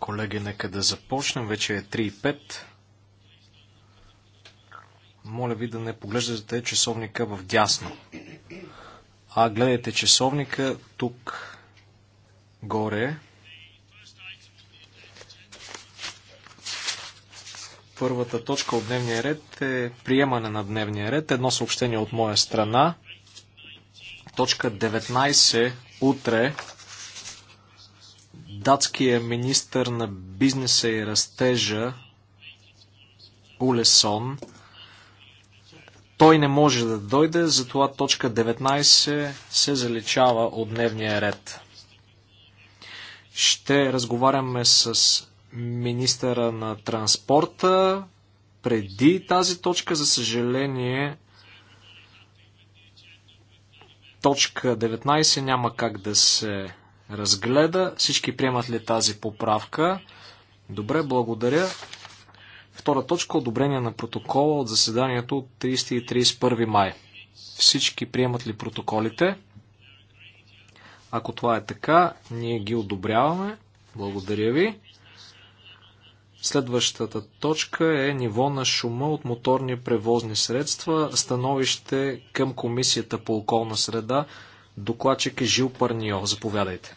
Колеги, нека да започнем. Вече е 3.05. Моля ви да не поглеждате часовника в дясно. А гледайте часовника тук горе. Първата точка от дневния ред е приемане на дневния ред. Едно съобщение от моя страна – точка 19 утре датския министр на бизнеса и растежа Улесон. Той не може да дойде, затова точка 19 се заличава от дневния ред. Ще разговаряме с министъра на транспорта преди тази точка. За съжаление, Точка 19 няма как да се разгледа. Всички приемат ли тази поправка? Добре, благодаря. Втора точка – одобрение на протокола от заседанието от 30 и 31 май. Всички приемат ли протоколите? Ако това е така, ние ги одобряваме. Благодаря ви. Следващата точка е ниво на шума от моторни превозни средства. Становище към Комисията по околна среда. Докладчик е Жил Парнио. Заповядайте.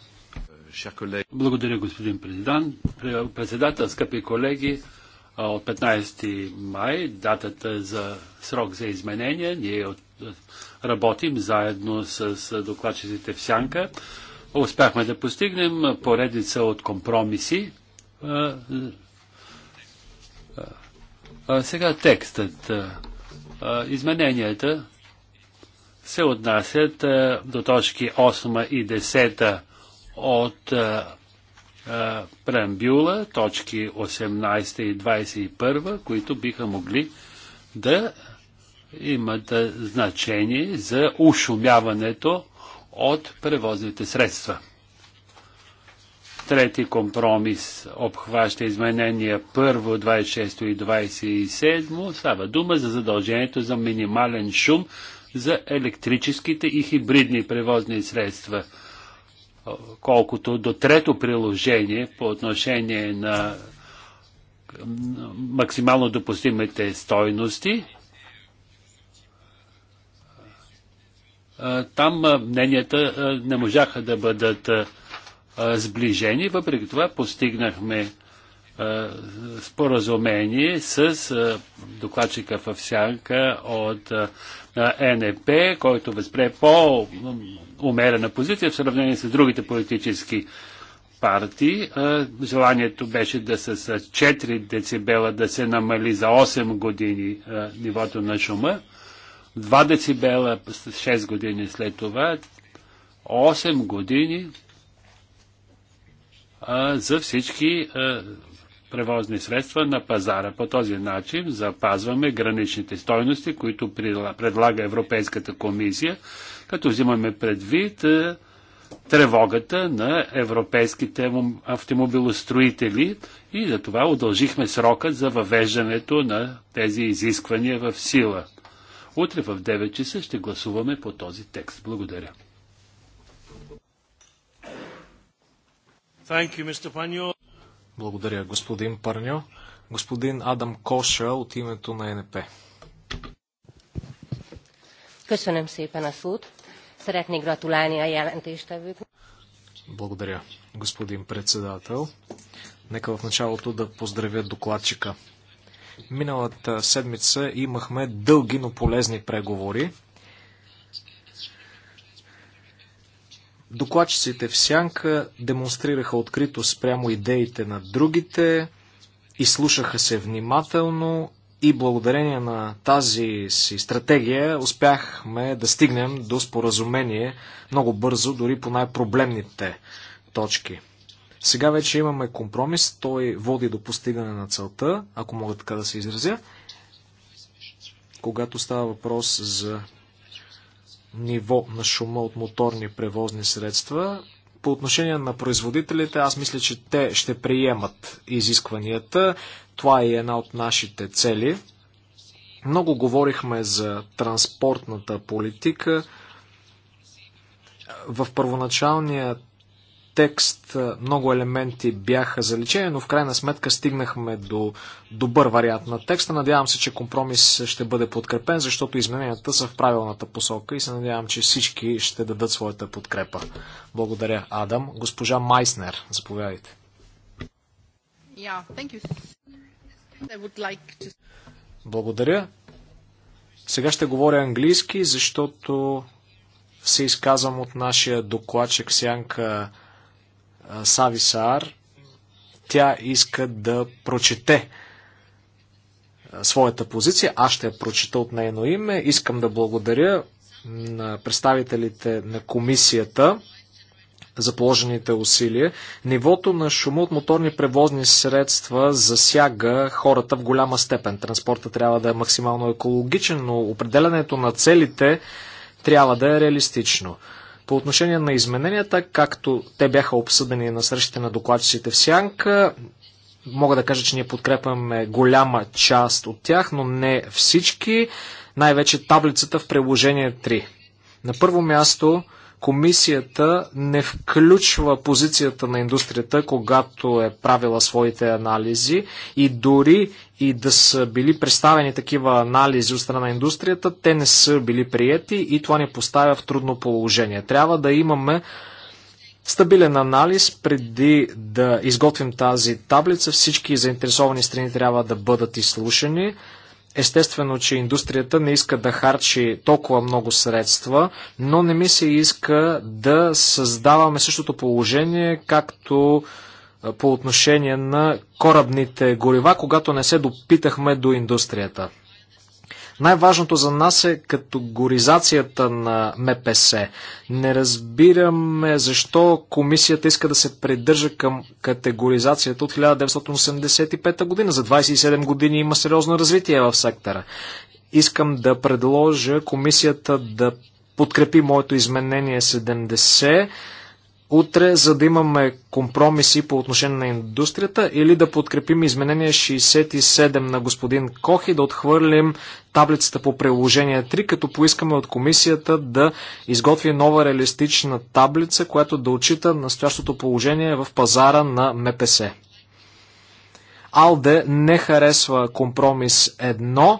Благодаря, господин президент. Председател, скъпи колеги, от 15 май, датата за срок за изменение, ние работим заедно с докладчиците в Сянка. Успяхме да постигнем поредица от компромиси а, сега текстът. А, измененията се отнасят а, до точки 8 и 10 от а, а, преамбюла, точки 18 и 21, които биха могли да имат значение за ушумяването от превозните средства. Трети компромис обхваща изменения първо, 26 и 27. Става дума за задължението за минимален шум за електрическите и хибридни превозни средства. Колкото до трето приложение по отношение на максимално допустимите стойности, там мненията не можаха да бъдат сближени. Въпреки това постигнахме споразумение с докладчика в Сянка от НП, който възпре по-умерена позиция в сравнение с другите политически партии. Желанието беше да се с 4 децибела да се намали за 8 години нивото на шума. 2 децибела 6 години след това, 8 години а, за всички а, превозни средства на пазара. По този начин запазваме граничните стойности, които предлага Европейската комисия, като взимаме предвид а, тревогата на европейските автомобилостроители и за това удължихме срока за въвеждането на тези изисквания в сила. Утре в 9 часа ще гласуваме по този текст. Благодаря. You, Благодаря, господин Парньо. Господин Адам Коша от името на НП. Köszönöm szépen a szót. Szeretnék gratulálni a jelentéstevőknek. Благодаря, господин председател. Нека в началото да поздравя докладчика. Миналата седмица имахме дълги, но полезни преговори. Докладчиците в сянка демонстрираха открито спрямо идеите на другите, изслушаха се внимателно и благодарение на тази си стратегия успяхме да стигнем до споразумение много бързо, дори по най-проблемните точки. Сега вече имаме компромис, той води до постигане на целта, ако мога така да се изразя, когато става въпрос за ниво на шума от моторни превозни средства. По отношение на производителите, аз мисля, че те ще приемат изискванията. Това е една от нашите цели. Много говорихме за транспортната политика. В първоначалният текст много елементи бяха заличени, но в крайна сметка стигнахме до добър вариант на текста. Надявам се, че компромис ще бъде подкрепен, защото измененията са в правилната посока и се надявам, че всички ще дадат своята подкрепа. Благодаря, Адам. Госпожа Майснер, заповядайте. Yeah, like to... Благодаря. Сега ще говоря английски, защото се изказвам от нашия докладчик Сянка Сависар, тя иска да прочете своята позиция. Аз ще я прочета от нейно име. Искам да благодаря на представителите на комисията за положените усилия. Нивото на шума от моторни превозни средства засяга хората в голяма степен. Транспорта трябва да е максимално екологичен, но определенето на целите трябва да е реалистично. По отношение на измененията, както те бяха обсъдени на срещите на докладчиците в Сянка, мога да кажа, че ние подкрепяме голяма част от тях, но не всички, най-вече таблицата в приложение 3. На първо място комисията не включва позицията на индустрията, когато е правила своите анализи и дори и да са били представени такива анализи от страна на индустрията, те не са били прияти и това ни поставя в трудно положение. Трябва да имаме стабилен анализ преди да изготвим тази таблица. Всички заинтересовани страни трябва да бъдат изслушани. Естествено, че индустрията не иска да харчи толкова много средства, но не ми се иска да създаваме същото положение, както по отношение на корабните горива, когато не се допитахме до индустрията. Най-важното за нас е категоризацията на МПС. Не разбираме защо комисията иска да се придържа към категоризацията от 1985 година. За 27 години има сериозно развитие в сектора. Искам да предложа комисията да подкрепи моето изменение 70 утре, за да имаме компромиси по отношение на индустрията или да подкрепим изменение 67 на господин Кох и да отхвърлим таблицата по приложение 3, като поискаме от комисията да изготви нова реалистична таблица, която да отчита настоящото положение в пазара на МПС. Алде не харесва компромис 1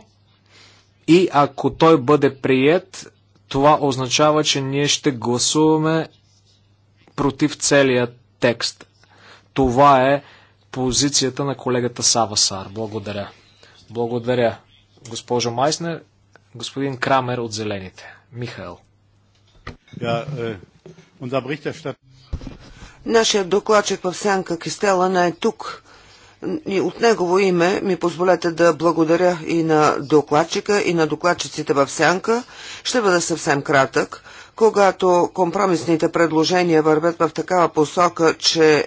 и ако той бъде прият, това означава, че ние ще гласуваме против целия текст. Това е позицията на колегата Савасар. Благодаря. Благодаря. Госпожо Майснер, господин Крамер от Зелените. Михаил. Э, Нашият докладчик в Сянка Кистела не е тук. И от негово име ми позволете да благодаря и на докладчика, и на докладчиците в Сянка. Ще бъда съвсем кратък когато компромисните предложения вървят в такава посока, че е,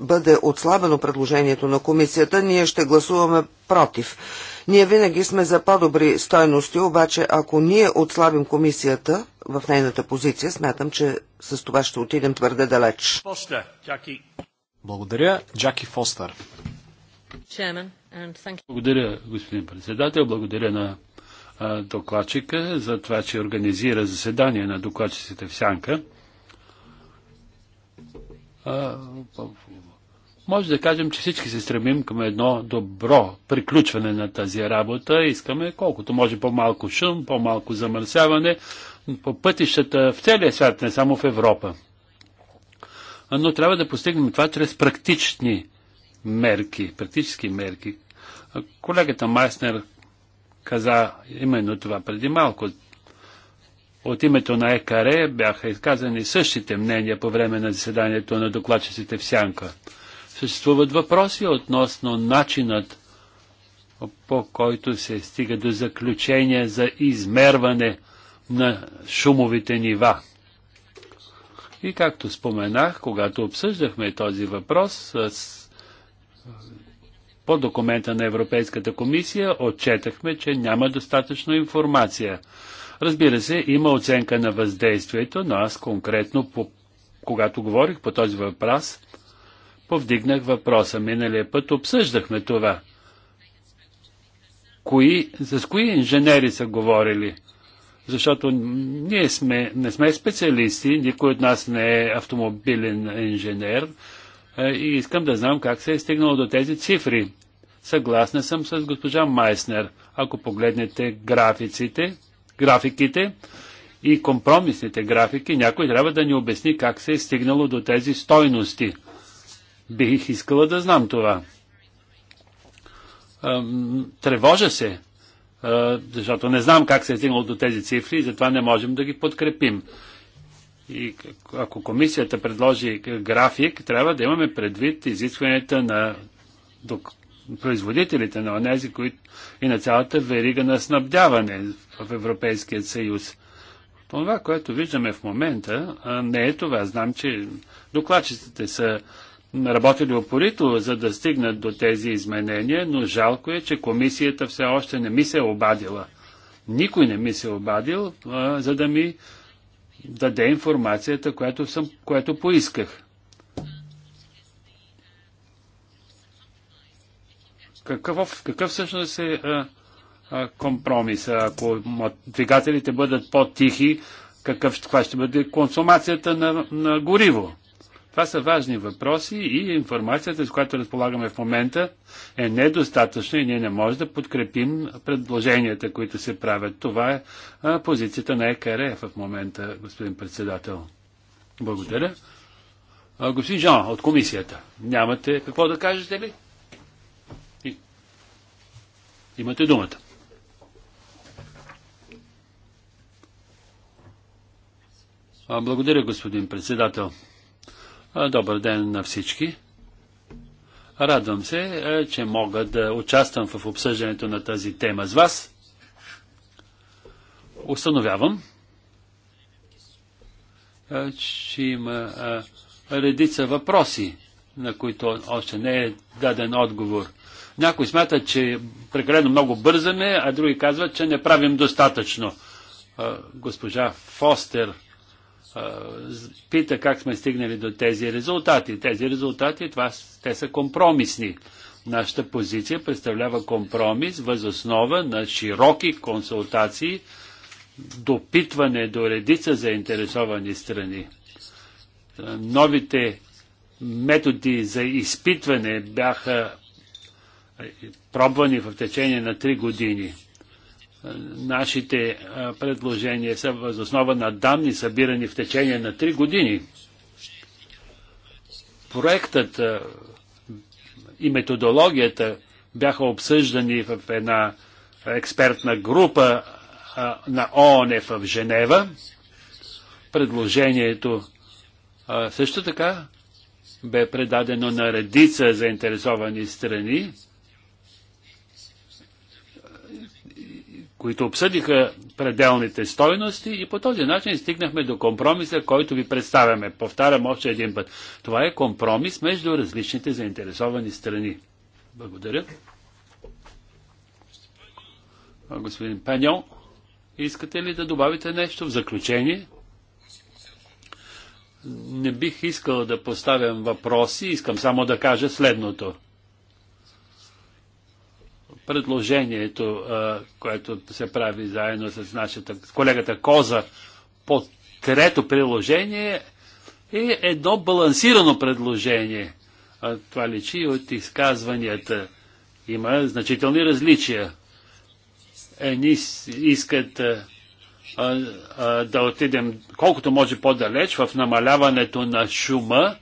бъде отслабено предложението на комисията, ние ще гласуваме против. Ние винаги сме за по-добри стойности, обаче ако ние отслабим комисията в нейната позиция, смятам, че с това ще отидем твърде далеч. Фостер, Джаки. Благодаря, Джаки Фостер. Благодаря, господин председател. Благодаря на докладчика за това, че организира заседание на докладчиците в Сянка. Може да кажем, че всички се стремим към едно добро приключване на тази работа. Искаме колкото може по-малко шум, по-малко замърсяване по пътищата в целия свят, не само в Европа. Но трябва да постигнем това чрез практични мерки, практически мерки. Колегата Майснер каза именно това преди малко. От името на ЕКАРЕ бяха изказани същите мнения по време на заседанието на докладчиците в Сянка. Съществуват въпроси относно начинът по който се стига до заключение за измерване на шумовите нива. И както споменах, когато обсъждахме този въпрос, с по документа на Европейската комисия отчетахме, че няма достатъчно информация. Разбира се, има оценка на въздействието, но аз конкретно, по, когато говорих по този въпрос, повдигнах въпроса. Миналия път обсъждахме това. Кои, с кои инженери са говорили? Защото ние сме, не сме специалисти, никой от нас не е автомобилен инженер, е, и искам да знам как се е стигнало до тези цифри. Съгласна съм с госпожа Майснер. Ако погледнете графиците, графиките и компромисните графики, някой трябва да ни обясни как се е стигнало до тези стойности. Бих искала да знам това. Тревожа се, защото не знам как се е стигнало до тези цифри и затова не можем да ги подкрепим. И ако комисията предложи график, трябва да имаме предвид изискванията на производителите на онези, които и на цялата верига на снабдяване в Европейския съюз. Това, което виждаме в момента, не е това. Знам, че докладчиците са работили опорито, за да стигнат до тези изменения, но жалко е, че комисията все още не ми се е обадила. Никой не ми се е обадил, за да ми даде информацията, която, съм, която поисках. Какъв, какъв всъщност е а, а, компромиса? Ако двигателите бъдат по-тихи, какъв, каква ще бъде консумацията на, на гориво? Това са важни въпроси и информацията, с която разполагаме в момента, е недостатъчна и ние не можем да подкрепим предложенията, които се правят. Това е позицията на ЕКР в момента, господин председател. Благодаря. Господин Жан, от комисията, нямате какво да кажете ли? Имате думата. Благодаря, господин председател. Добър ден на всички. Радвам се, е, че мога да участвам в обсъждането на тази тема с вас. Установявам, е, че има е, редица въпроси, на които още не е даден отговор. Някои смятат, че прекалено много бързаме, а други казват, че не правим достатъчно. Госпожа Фостер пита как сме стигнали до тези резултати. Тези резултати, това, те са компромисни. Нашата позиция представлява компромис възоснова на широки консултации, допитване до редица заинтересовани страни. Новите методи за изпитване бяха пробвани в течение на три години. Нашите предложения са възоснова на данни, събирани в течение на три години. Проектът и методологията бяха обсъждани в една експертна група на ООН в Женева. Предложението също така бе предадено на редица заинтересовани страни които обсъдиха пределните стойности и по този начин стигнахме до компромиса, който ви представяме. Повтарям още един път. Това е компромис между различните заинтересовани страни. Благодаря. Господин Пеньо, искате ли да добавите нещо в заключение? Не бих искал да поставям въпроси, искам само да кажа следното предложението, което се прави заедно с нашата колегата Коза по трето приложение е едно балансирано предложение. Това личи от изказванията. Има значителни различия. Едни искат да отидем колкото може по-далеч в намаляването на шума,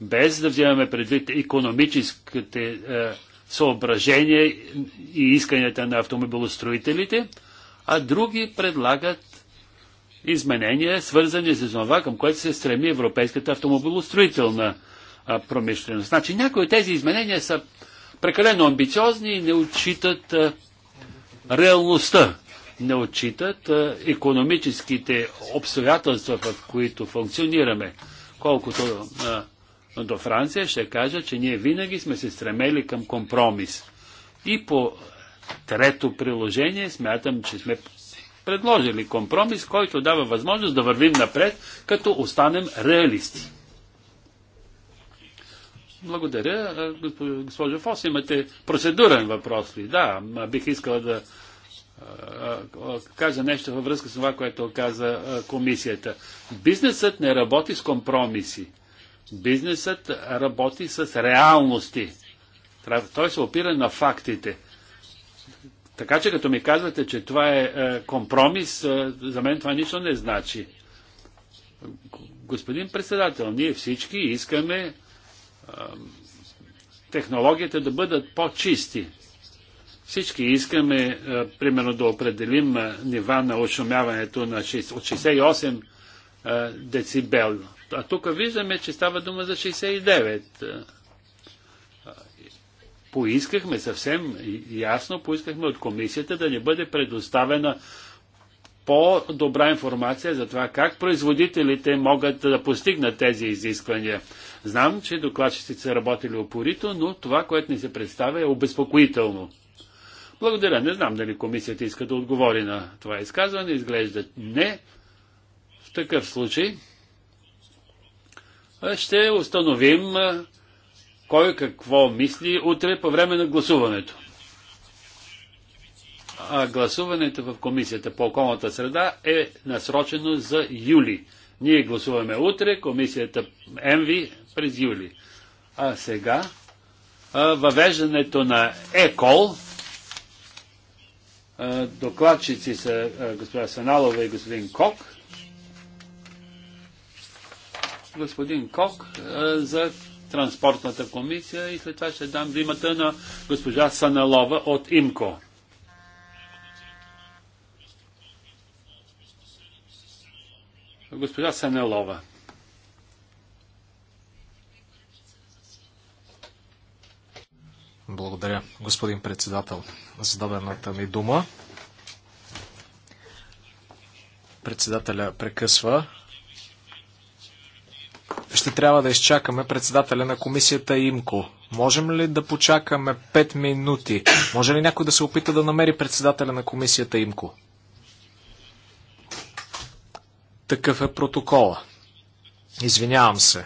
без да вземаме предвид економическите съображения и исканията на автомобилостроителите, а други предлагат изменения, свързани с това, към което се стреми европейската автомобилостроителна промишленост. Значи някои от тези изменения са прекалено амбициозни и не отчитат реалността, не отчитат економическите обстоятелства, в които функционираме. Колкото а, до Франция, ще кажа, че ние винаги сме се стремели към компромис. И по трето приложение смятам, че сме предложили компромис, който дава възможност да вървим напред, като останем реалисти. Благодаря. Госпожо Фос, имате процедурен въпрос ли? Да, бих искала да кажа нещо във връзка с това, което каза комисията. Бизнесът не работи с компромиси. Бизнесът работи с реалности. Той се опира на фактите. Така че като ми казвате, че това е, е компромис, е, за мен това нищо не значи. Господин председател, ние всички искаме е, технологията да бъдат по-чисти. Всички искаме, примерно, да определим нива на ошумяването на 6, от 68 децибел. А тук виждаме, че става дума за 69. Поискахме съвсем ясно, поискахме от комисията да ни бъде предоставена по-добра информация за това как производителите могат да постигнат тези изисквания. Знам, че докладчиците са работили опорито, но това, което ни се представя е обезпокоително. Благодаря. Не знам дали комисията иска да отговори на това изказване. Изглежда не. В такъв случай ще установим кой какво мисли утре по време на гласуването. А гласуването в Комисията по околната среда е насрочено за юли. Ние гласуваме утре, Комисията МВИ през юли. А сега въвеждането на ЕКОЛ. Докладчици са госпожа Саналова и господин Кок господин Кок е, за транспортната комисия и след това ще дам думата на госпожа Саналова от ИМКО. Госпожа Санелова. Благодаря, господин председател, за дадената ми дума. Председателя прекъсва ще трябва да изчакаме председателя на комисията Имко. Можем ли да почакаме 5 минути? Може ли някой да се опита да намери председателя на комисията Имко? Такъв е протокола. Извинявам се.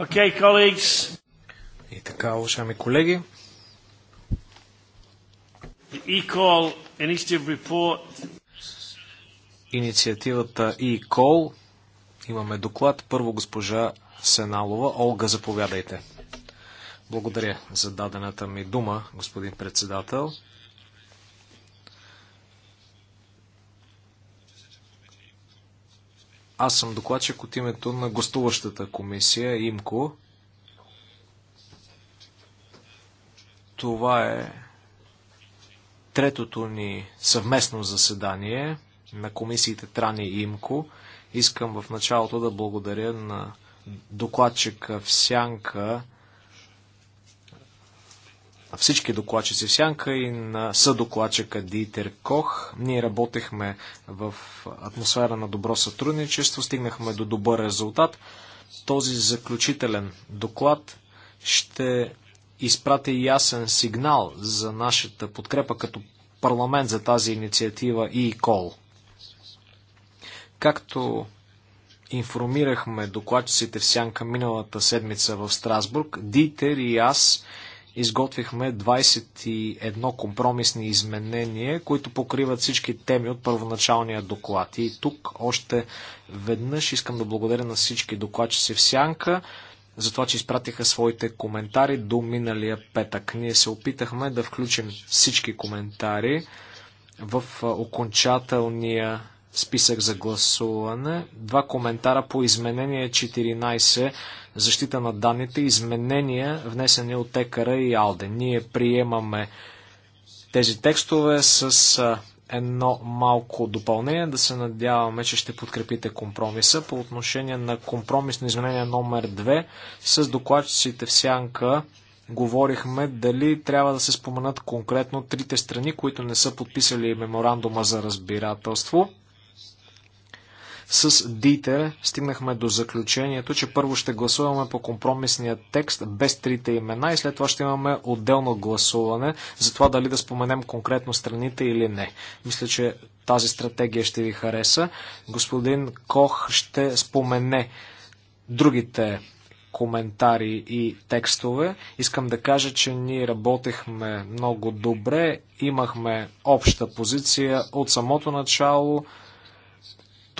Okay, colleagues. И така, уважаеми колеги. E-call initiative report. Инициативата E-call. Имаме доклад. Първо госпожа Сеналова. Олга, заповядайте. Благодаря за дадената ми дума, господин председател. Аз съм докладчик от името на гостуващата комисия ИМКО. Това е третото ни съвместно заседание на комисиите Трани и ИМКО. Искам в началото да благодаря на докладчика в Сянка всички докладчици в Сянка и на съдокладчика Дитер Кох. Ние работехме в атмосфера на добро сътрудничество, стигнахме до добър резултат. Този заключителен доклад ще изпрати ясен сигнал за нашата подкрепа като парламент за тази инициатива и кол. Както информирахме докладчиците в Сянка миналата седмица в Страсбург, Дитер и аз изготвихме 21 компромисни изменения, които покриват всички теми от първоначалния доклад. И тук още веднъж искам да благодаря на всички докладчици в Сянка за това, че изпратиха своите коментари до миналия петък. Ние се опитахме да включим всички коментари в окончателния списък за гласуване. Два коментара по изменение 14 защита на данните, изменения внесени от Екара и Алде. Ние приемаме тези текстове с едно малко допълнение. Да се надяваме, че ще подкрепите компромиса. По отношение на компромисно изменение номер 2 с докладчиците в сянка говорихме дали трябва да се споменат конкретно трите страни, които не са подписали меморандума за разбирателство. С Дите стигнахме до заключението, че първо ще гласуваме по компромисния текст без трите имена и след това ще имаме отделно гласуване за това дали да споменем конкретно страните или не. Мисля, че тази стратегия ще ви хареса. Господин Кох ще спомене другите коментари и текстове. Искам да кажа, че ние работехме много добре, имахме обща позиция от самото начало.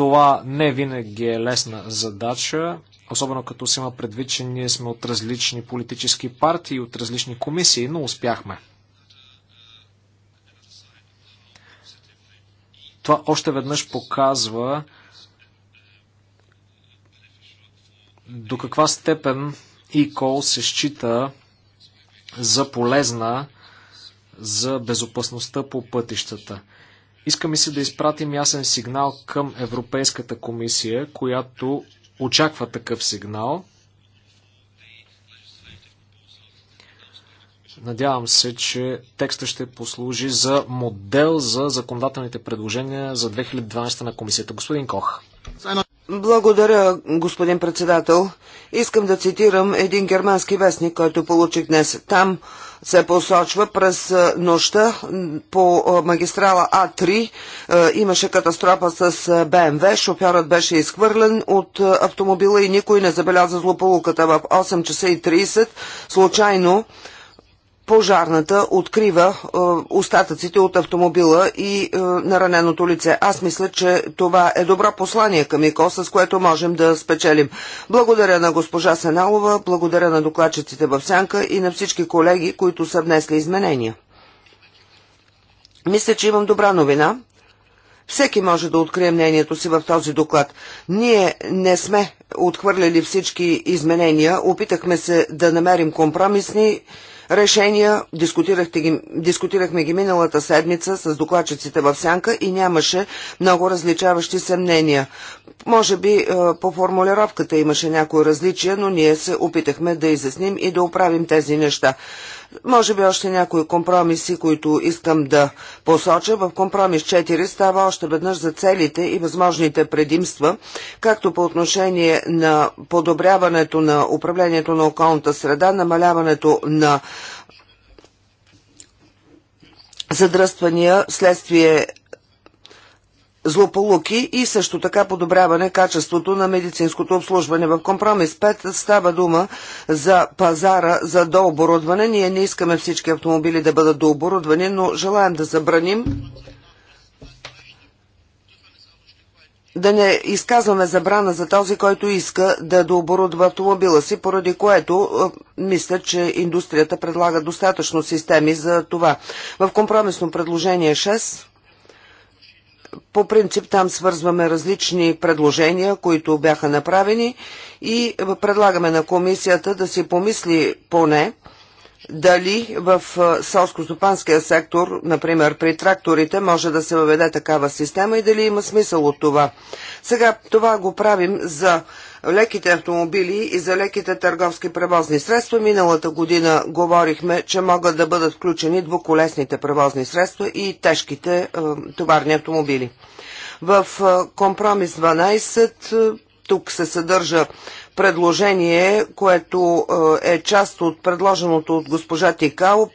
Това не винаги е лесна задача, особено като се има предвид, че ние сме от различни политически партии, от различни комисии, но успяхме. Това още веднъж показва до каква степен e се счита за полезна за безопасността по пътищата. Искаме се да изпратим ясен сигнал към Европейската комисия, която очаква такъв сигнал. Надявам се, че текста ще послужи за модел за законодателните предложения за 2012 на комисията. Господин Кох. Благодаря, господин председател. Искам да цитирам един германски вестник, който получих днес. Там се посочва през е, нощта по е, магистрала А3 е, имаше катастрофа с БМВ. Шофьорът беше изхвърлен от автомобила и никой не забеляза злополуката. В 8 часа и 30 случайно пожарната открива е, остатъците от автомобила и е, нараненото лице. Аз мисля, че това е добро послание към ИКО, с което можем да спечелим. Благодаря на госпожа Сеналова, благодаря на докладчиците в Сянка и на всички колеги, които са внесли изменения. Мисля, че имам добра новина. Всеки може да открие мнението си в този доклад. Ние не сме отхвърляли всички изменения, опитахме се да намерим компромисни решения. Ги, дискутирахме ги миналата седмица с докладчиците в Сянка и нямаше много различаващи се мнения. Може би е, по формулировката имаше някои различия, но ние се опитахме да изясним и да оправим тези неща. Може би още някои компромиси, които искам да посоча. В компромис 4 става още веднъж за целите и възможните предимства, както по отношение на подобряването на управлението на околната среда, намаляването на задръствания следствие злополуки и също така подобряване качеството на медицинското обслужване. В компромис 5 става дума за пазара за дооборудване. Ние не искаме всички автомобили да бъдат дооборудвани, но желаем да забраним да не изказваме забрана за този, който иска да дооборудва автомобила си, поради което е, мисля, че индустрията предлага достатъчно системи за това. В компромисно предложение 6 по принцип там свързваме различни предложения, които бяха направени и предлагаме на комисията да си помисли поне дали в селско-стопанския сектор, например при тракторите, може да се въведе такава система и дали има смисъл от това. Сега това го правим за леките автомобили и за леките търговски превозни средства. Миналата година говорихме, че могат да бъдат включени двуколесните превозни средства и тежките е, товарни автомобили. В е, компромис 12 е, тук се съдържа предложение, което е част от предложеното от госпожа Тикал,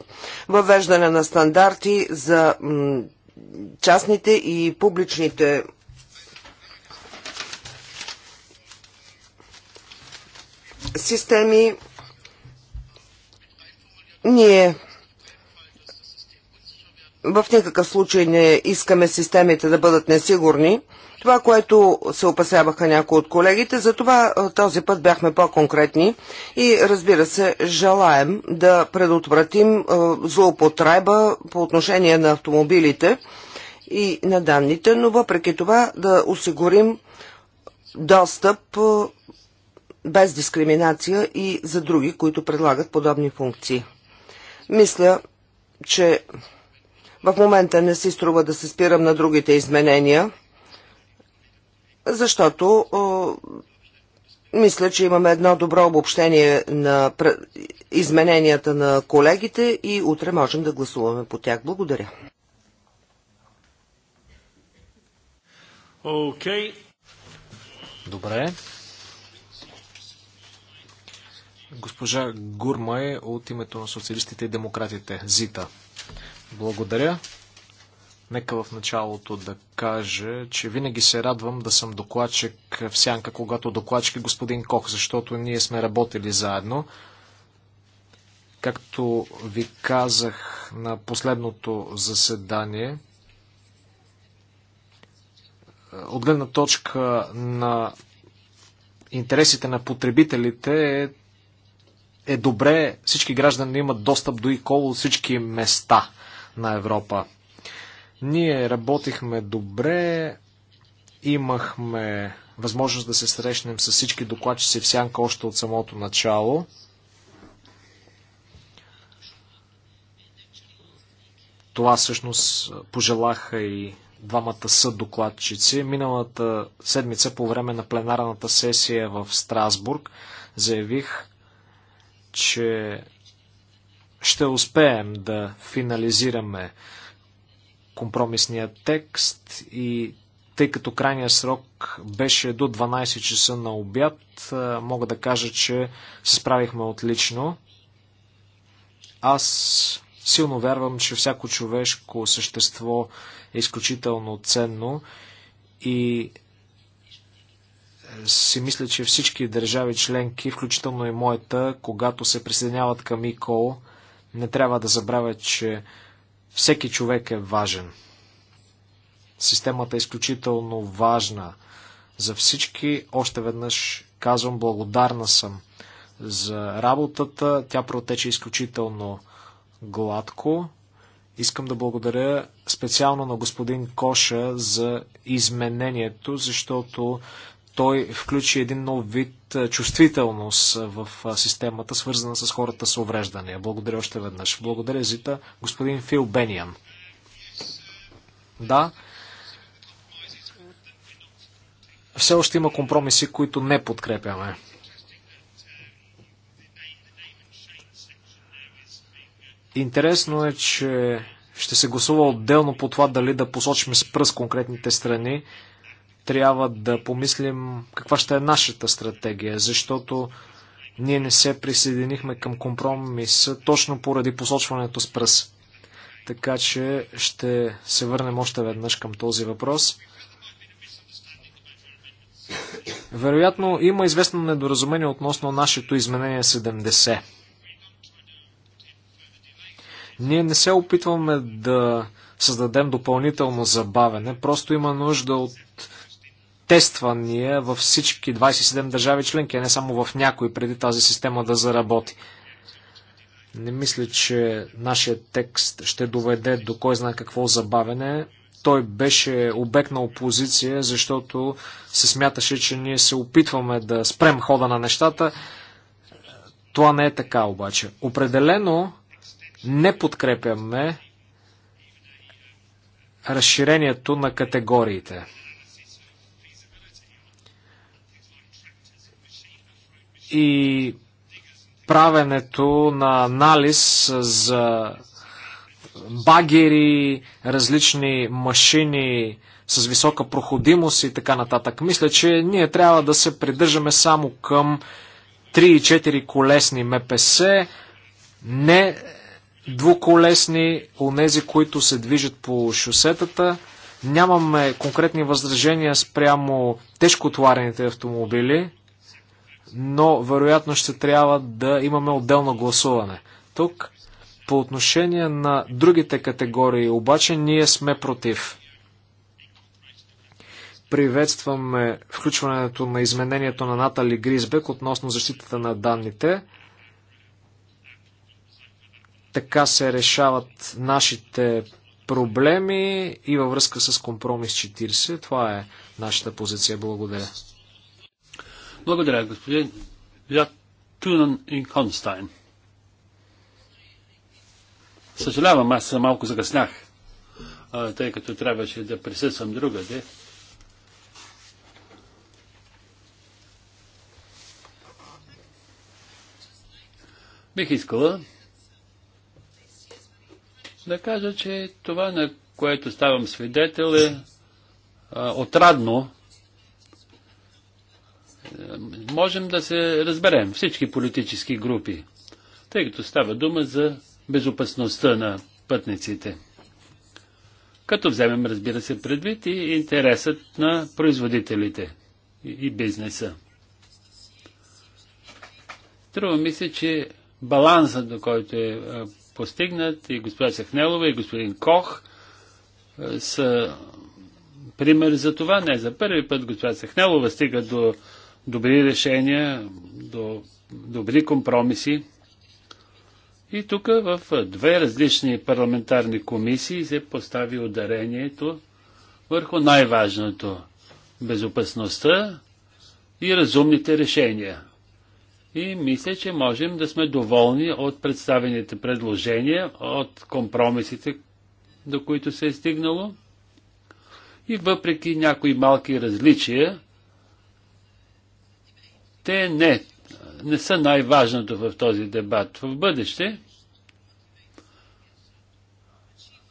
въвеждане на стандарти за частните и публичните системи. Ние в никакъв случай не искаме системите да бъдат несигурни. Това, което се опасяваха някои от колегите, затова този път бяхме по-конкретни и разбира се, желаем да предотвратим злоупотреба по отношение на автомобилите и на данните, но въпреки това да осигурим достъп без дискриминация и за други, които предлагат подобни функции. Мисля, че в момента не си струва да се спирам на другите изменения, защото мисля, че имаме едно добро обобщение на измененията на колегите и утре можем да гласуваме по тях. Благодаря. Okay. Добре. Госпожа Гурмай от името на социалистите и демократите. Зита. Благодаря. Нека в началото да кажа, че винаги се радвам да съм докладчик в сянка, когато докладчик е господин Кох, защото ние сме работили заедно. Както ви казах на последното заседание, от гледна точка на интересите на потребителите е е добре всички граждани да имат достъп до ИКОЛ от всички места на Европа. Ние работихме добре, имахме възможност да се срещнем с всички докладчици в сянка още от самото начало. Това всъщност пожелаха и двамата са докладчици. Миналата седмица по време на пленарната сесия в Страсбург заявих, че ще успеем да финализираме компромисния текст и тъй като крайният срок беше до 12 часа на обяд, мога да кажа, че се справихме отлично. Аз силно вярвам, че всяко човешко същество е изключително ценно и си мисля, че всички държави членки, включително и моята, когато се присъединяват към ИКОЛ, не трябва да забравят, че всеки човек е важен. Системата е изключително важна за всички. Още веднъж казвам, благодарна съм за работата. Тя протече изключително гладко. Искам да благодаря специално на господин Коша за изменението, защото той включи един нов вид чувствителност в системата, свързана с хората с увреждания. Благодаря още веднъж. Благодаря, Зита. Господин Фил Бениан. Да. Все още има компромиси, които не подкрепяме. Интересно е, че ще се гласува отделно по това дали да посочим с пръст конкретните страни трябва да помислим каква ще е нашата стратегия, защото ние не се присъединихме към компромис точно поради посочването с пръс. Така че ще се върнем още веднъж към този въпрос. Вероятно има известно недоразумение относно нашето изменение 70. Ние не се опитваме да създадем допълнително забавене, просто има нужда от тествания във всички 27 държави членки, а не само в някои преди тази система да заработи. Не мисля, че нашия текст ще доведе до кой знае какво забавене. Той беше обект на опозиция, защото се смяташе, че ние се опитваме да спрем хода на нещата. Това не е така обаче. Определено не подкрепяме разширението на категориите. и правенето на анализ за багери, различни машини с висока проходимост и така нататък. Мисля, че ние трябва да се придържаме само към 3-4 колесни МПС, не двуколесни, онези, които се движат по шосетата. Нямаме конкретни възражения спрямо тежкотоварените автомобили, но вероятно ще трябва да имаме отделно гласуване. Тук по отношение на другите категории, обаче ние сме против. Приветстваме включването на изменението на Натали Гризбек относно защитата на данните. Така се решават нашите проблеми и във връзка с компромис 40. Това е нашата позиция. Благодаря. Благодаря, господин и Констайн. Съжалявам, аз малко закъснях, тъй като трябваше да присъствам другаде. Бих искала да кажа, че това, на което ставам свидетел е отрадно можем да се разберем всички политически групи, тъй като става дума за безопасността на пътниците. Като вземем, разбира се, предвид и интересът на производителите и бизнеса. Трудно ми се, че балансът, до който е постигнат и господин Сахнелова, и господин Кох са пример за това. Не за първи път господин Сахнелова стига до добри решения, до добри компромиси. И тук в две различни парламентарни комисии се постави ударението върху най-важното безопасността и разумните решения. И мисля, че можем да сме доволни от представените предложения, от компромисите, до които се е стигнало. И въпреки някои малки различия, те не, не са най-важното в този дебат. В бъдеще,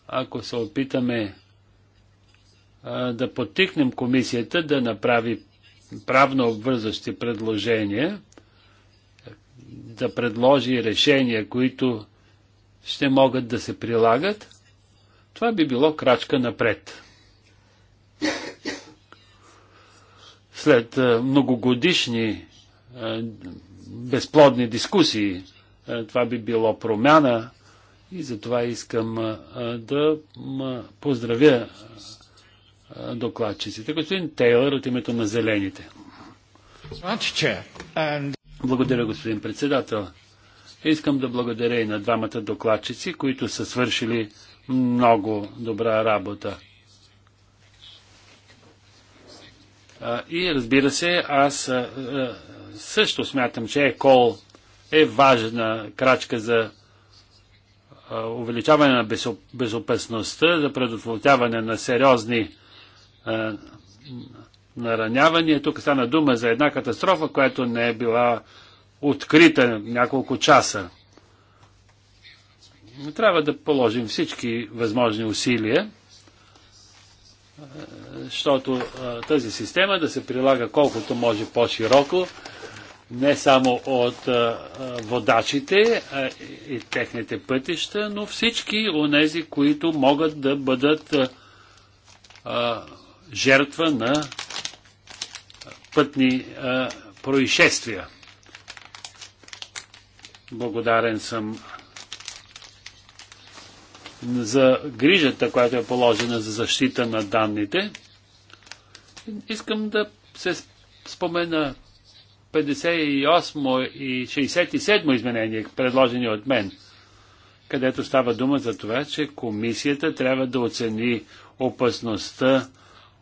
ако се опитаме да потикнем комисията да направи правно обвързащи предложения, да предложи решения, които ще могат да се прилагат, това би било крачка напред. След многогодишни е, безплодни дискусии. Е, това би било промяна и затова искам е, да поздравя докладчиците. Господин Тейлър от името на Зелените. Благодаря, господин председател. Искам да благодаря и на двамата докладчици, които са свършили много добра работа. И разбира се, аз също смятам, че ЕКОЛ е важна крачка за увеличаване на безопасността, за предотвратяване на сериозни наранявания. Тук стана дума за една катастрофа, която не е била открита няколко часа. Трябва да положим всички възможни усилия, защото тази система да се прилага колкото може по-широко не само от водачите и техните пътища, но всички онези, които могат да бъдат жертва на пътни происшествия. Благодарен съм за грижата, която е положена за защита на данните. Искам да се спомена 58 и 67 изменение, предложени от мен, където става дума за това, че комисията трябва да оцени опасността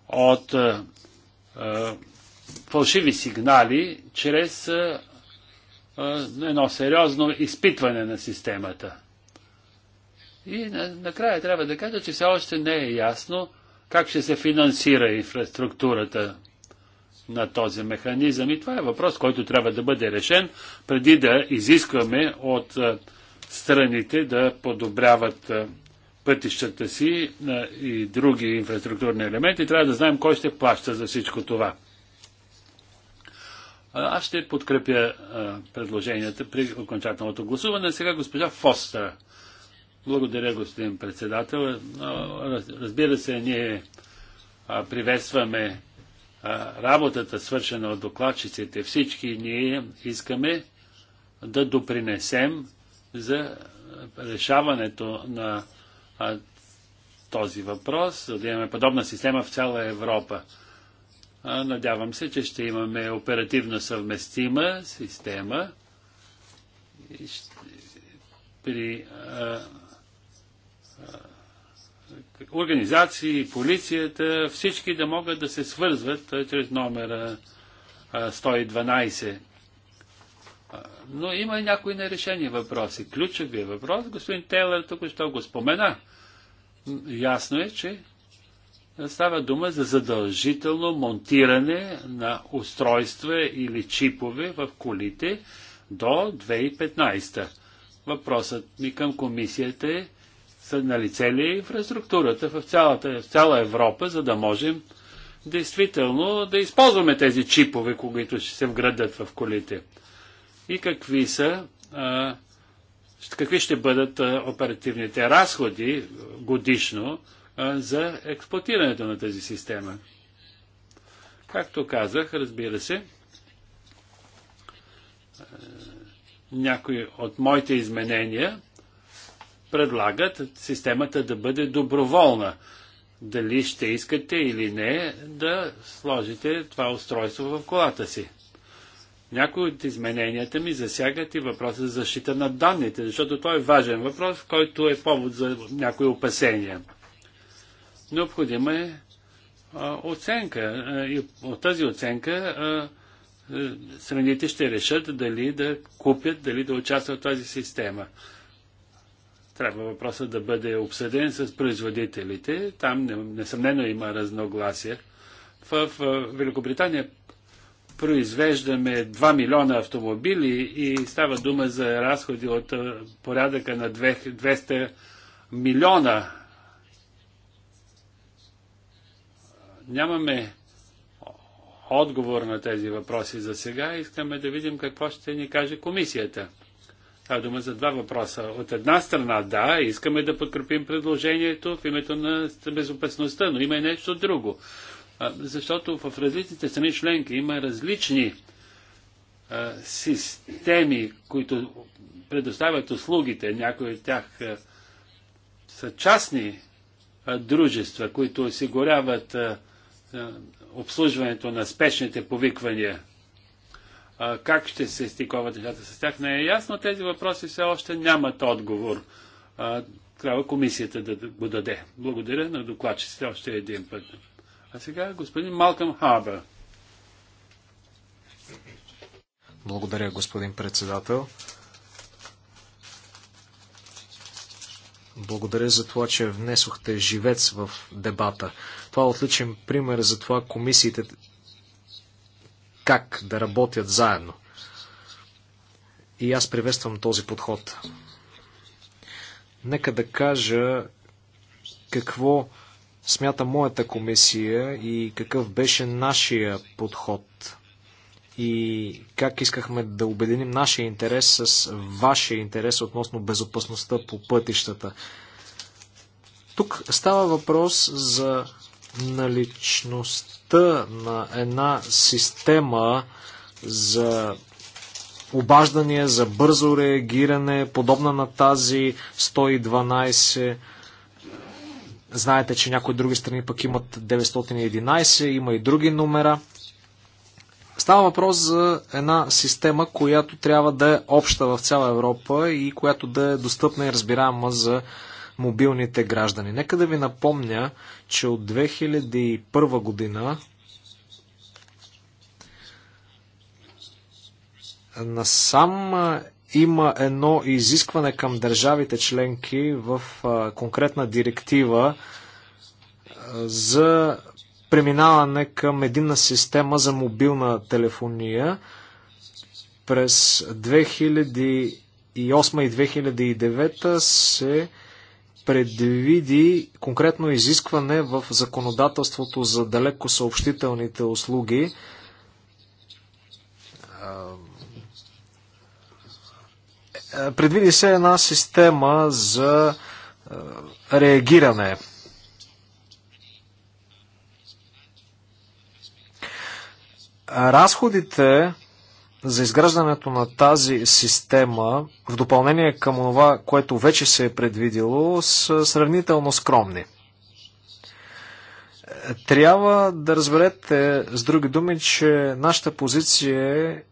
от а, е, а, е, фалшиви сигнали чрез а, е, а, едно сериозно изпитване на системата. И накрая трябва да кажа, че все още не е ясно как ще се финансира инфраструктурата на този механизъм. И това е въпрос, който трябва да бъде решен преди да изискваме от страните да подобряват пътищата си и други инфраструктурни елементи. Трябва да знаем кой ще плаща за всичко това. Аз ще подкрепя предложенията при окончателното гласуване. Сега госпожа Фостер. Благодаря, господин председател. Разбира се, ние приветстваме работата, свършена от докладчиците, всички ние искаме да допринесем за решаването на а, този въпрос, за да имаме подобна система в цяла Европа. А, надявам се, че ще имаме оперативно съвместима система и ще, при а, организации, полицията, всички да могат да се свързват чрез номера 112. Но има и някои нерешени въпроси. Ключовия е въпрос, господин Тейлър тук ще го спомена. Ясно е, че става дума за задължително монтиране на устройства или чипове в колите до 2015. Въпросът ми към комисията е са налице ли инфраструктурата в цялата, в цяла Европа, за да можем действително да използваме тези чипове, които ще се вградат в колите. И какви са, а, какви ще бъдат а, оперативните разходи годишно а, за експлуатирането на тази система. Както казах, разбира се, някои от моите изменения – предлагат системата да бъде доброволна. Дали ще искате или не да сложите това устройство в колата си. Някои от измененията ми засягат и въпроса за защита на данните, защото той е важен въпрос, който е повод за някои опасения. Необходима е оценка и от тази оценка страните ще решат дали да купят, дали да участват в тази система трябва въпросът да бъде обсъден с производителите. Там несъмнено има разногласия. В, Великобритания произвеждаме 2 милиона автомобили и става дума за разходи от порядъка на 200 милиона. Нямаме отговор на тези въпроси за сега. Искаме да видим какво ще ни каже комисията. Става дума за два въпроса. От една страна, да, искаме да подкрепим предложението в името на безопасността, но има и нещо друго. Защото в различните страни членки има различни а, системи, които предоставят услугите. Някои от тях а, са частни а, дружества, които осигуряват обслужването на спешните повиквания как ще се стиковат нещата с тях, не е ясно. Тези въпроси все още нямат отговор. трябва комисията да го даде. Благодаря на докладчиците още един път. А сега господин Малкам Хабер. Благодаря, господин председател. Благодаря за това, че внесохте живец в дебата. Това е отличен пример за това комисиите как да работят заедно. И аз приветствам този подход. Нека да кажа какво смята моята комисия и какъв беше нашия подход и как искахме да обединим нашия интерес с вашия интерес относно безопасността по пътищата. Тук става въпрос за наличността на една система за обаждания, за бързо реагиране, подобна на тази 112. Знаете, че някои други страни пък имат 911, има и други номера. Става въпрос за една система, която трябва да е обща в цяла Европа и която да е достъпна и разбираема за мобилните граждани. Нека да ви напомня, че от 2001 година насам има едно изискване към държавите членки в конкретна директива за преминаване към единна система за мобилна телефония. През 2008 и 2009 се предвиди конкретно изискване в законодателството за далеко съобщителните услуги. Е, предвиди се една система за е, реагиране. Разходите за изграждането на тази система, в допълнение към това, което вече се е предвидело, са сравнително скромни. Трябва да разберете, с други думи, че нашата позиция е,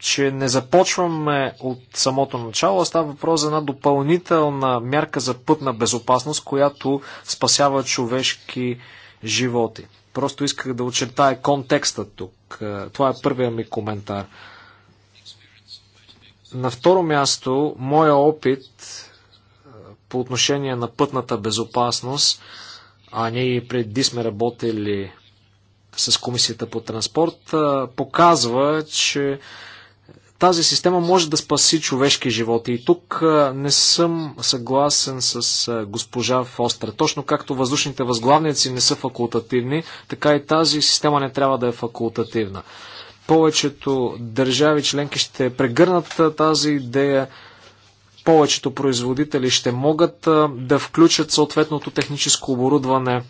че не започваме от самото начало, а става въпрос за една допълнителна мярка за пътна безопасност, която спасява човешки животи. Просто исках да очертая контекста тук. Е, това е първия ми коментар. На второ място, моя опит по отношение на пътната безопасност, а ние преди сме работили с Комисията по транспорт, показва, че тази система може да спаси човешки животи. И тук не съм съгласен с госпожа Фостер. Точно както въздушните възглавници не са факултативни, така и тази система не трябва да е факултативна. Повечето държави членки ще прегърнат тази идея. Повечето производители ще могат да включат съответното техническо оборудване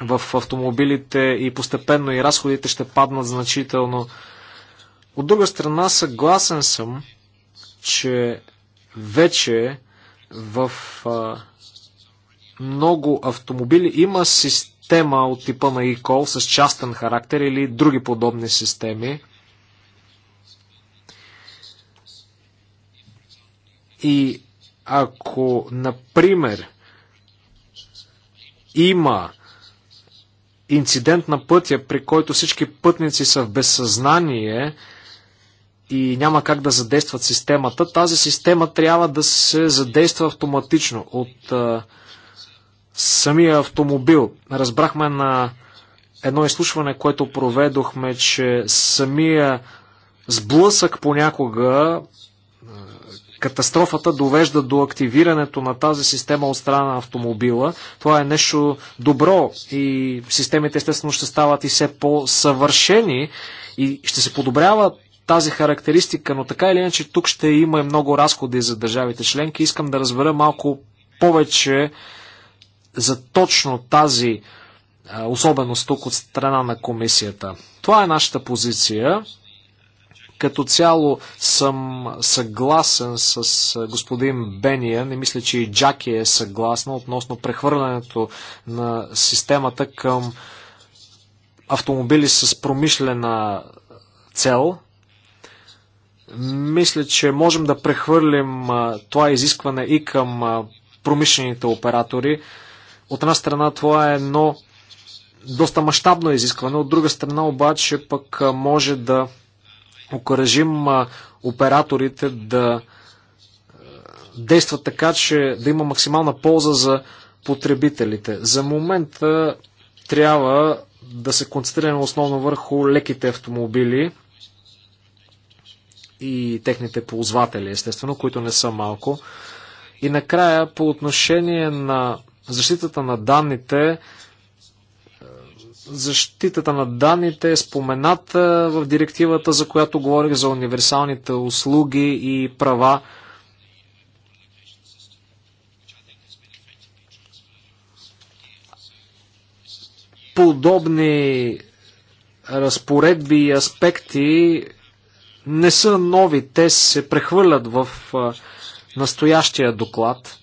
в автомобилите и постепенно и разходите ще паднат значително. От друга страна, съгласен съм, че вече в много автомобили има система, система от типа на E-Call с частен характер или други подобни системи. И ако, например, има инцидент на пътя, при който всички пътници са в безсъзнание и няма как да задействат системата, тази система трябва да се задейства автоматично от самия автомобил. Разбрахме на едно изслушване, което проведохме, че самия сблъсък понякога е, катастрофата довежда до активирането на тази система от страна на автомобила. Това е нещо добро и системите естествено ще стават и все по-съвършени и ще се подобрява тази характеристика, но така или иначе тук ще има и много разходи за държавите членки. Искам да разбера малко повече за точно тази особеност тук от страна на комисията. Това е нашата позиция. Като цяло съм съгласен с господин Бения, не мисля, че и Джаки е съгласна относно прехвърлянето на системата към автомобили с промишлена цел. Мисля, че можем да прехвърлим това изискване и към промишлените оператори. От една страна това е едно доста мащабно изискване, от друга страна обаче пък може да окоръжим операторите да действат така, че да има максимална полза за потребителите. За момента трябва да се концентрираме основно върху леките автомобили и техните ползватели, естествено, които не са малко. И накрая, по отношение на защитата на данните. Е, защитата на данните е спомената в директивата, за която говорих за универсалните услуги и права. Подобни разпоредби и аспекти не са нови, те се прехвърлят в е, настоящия доклад.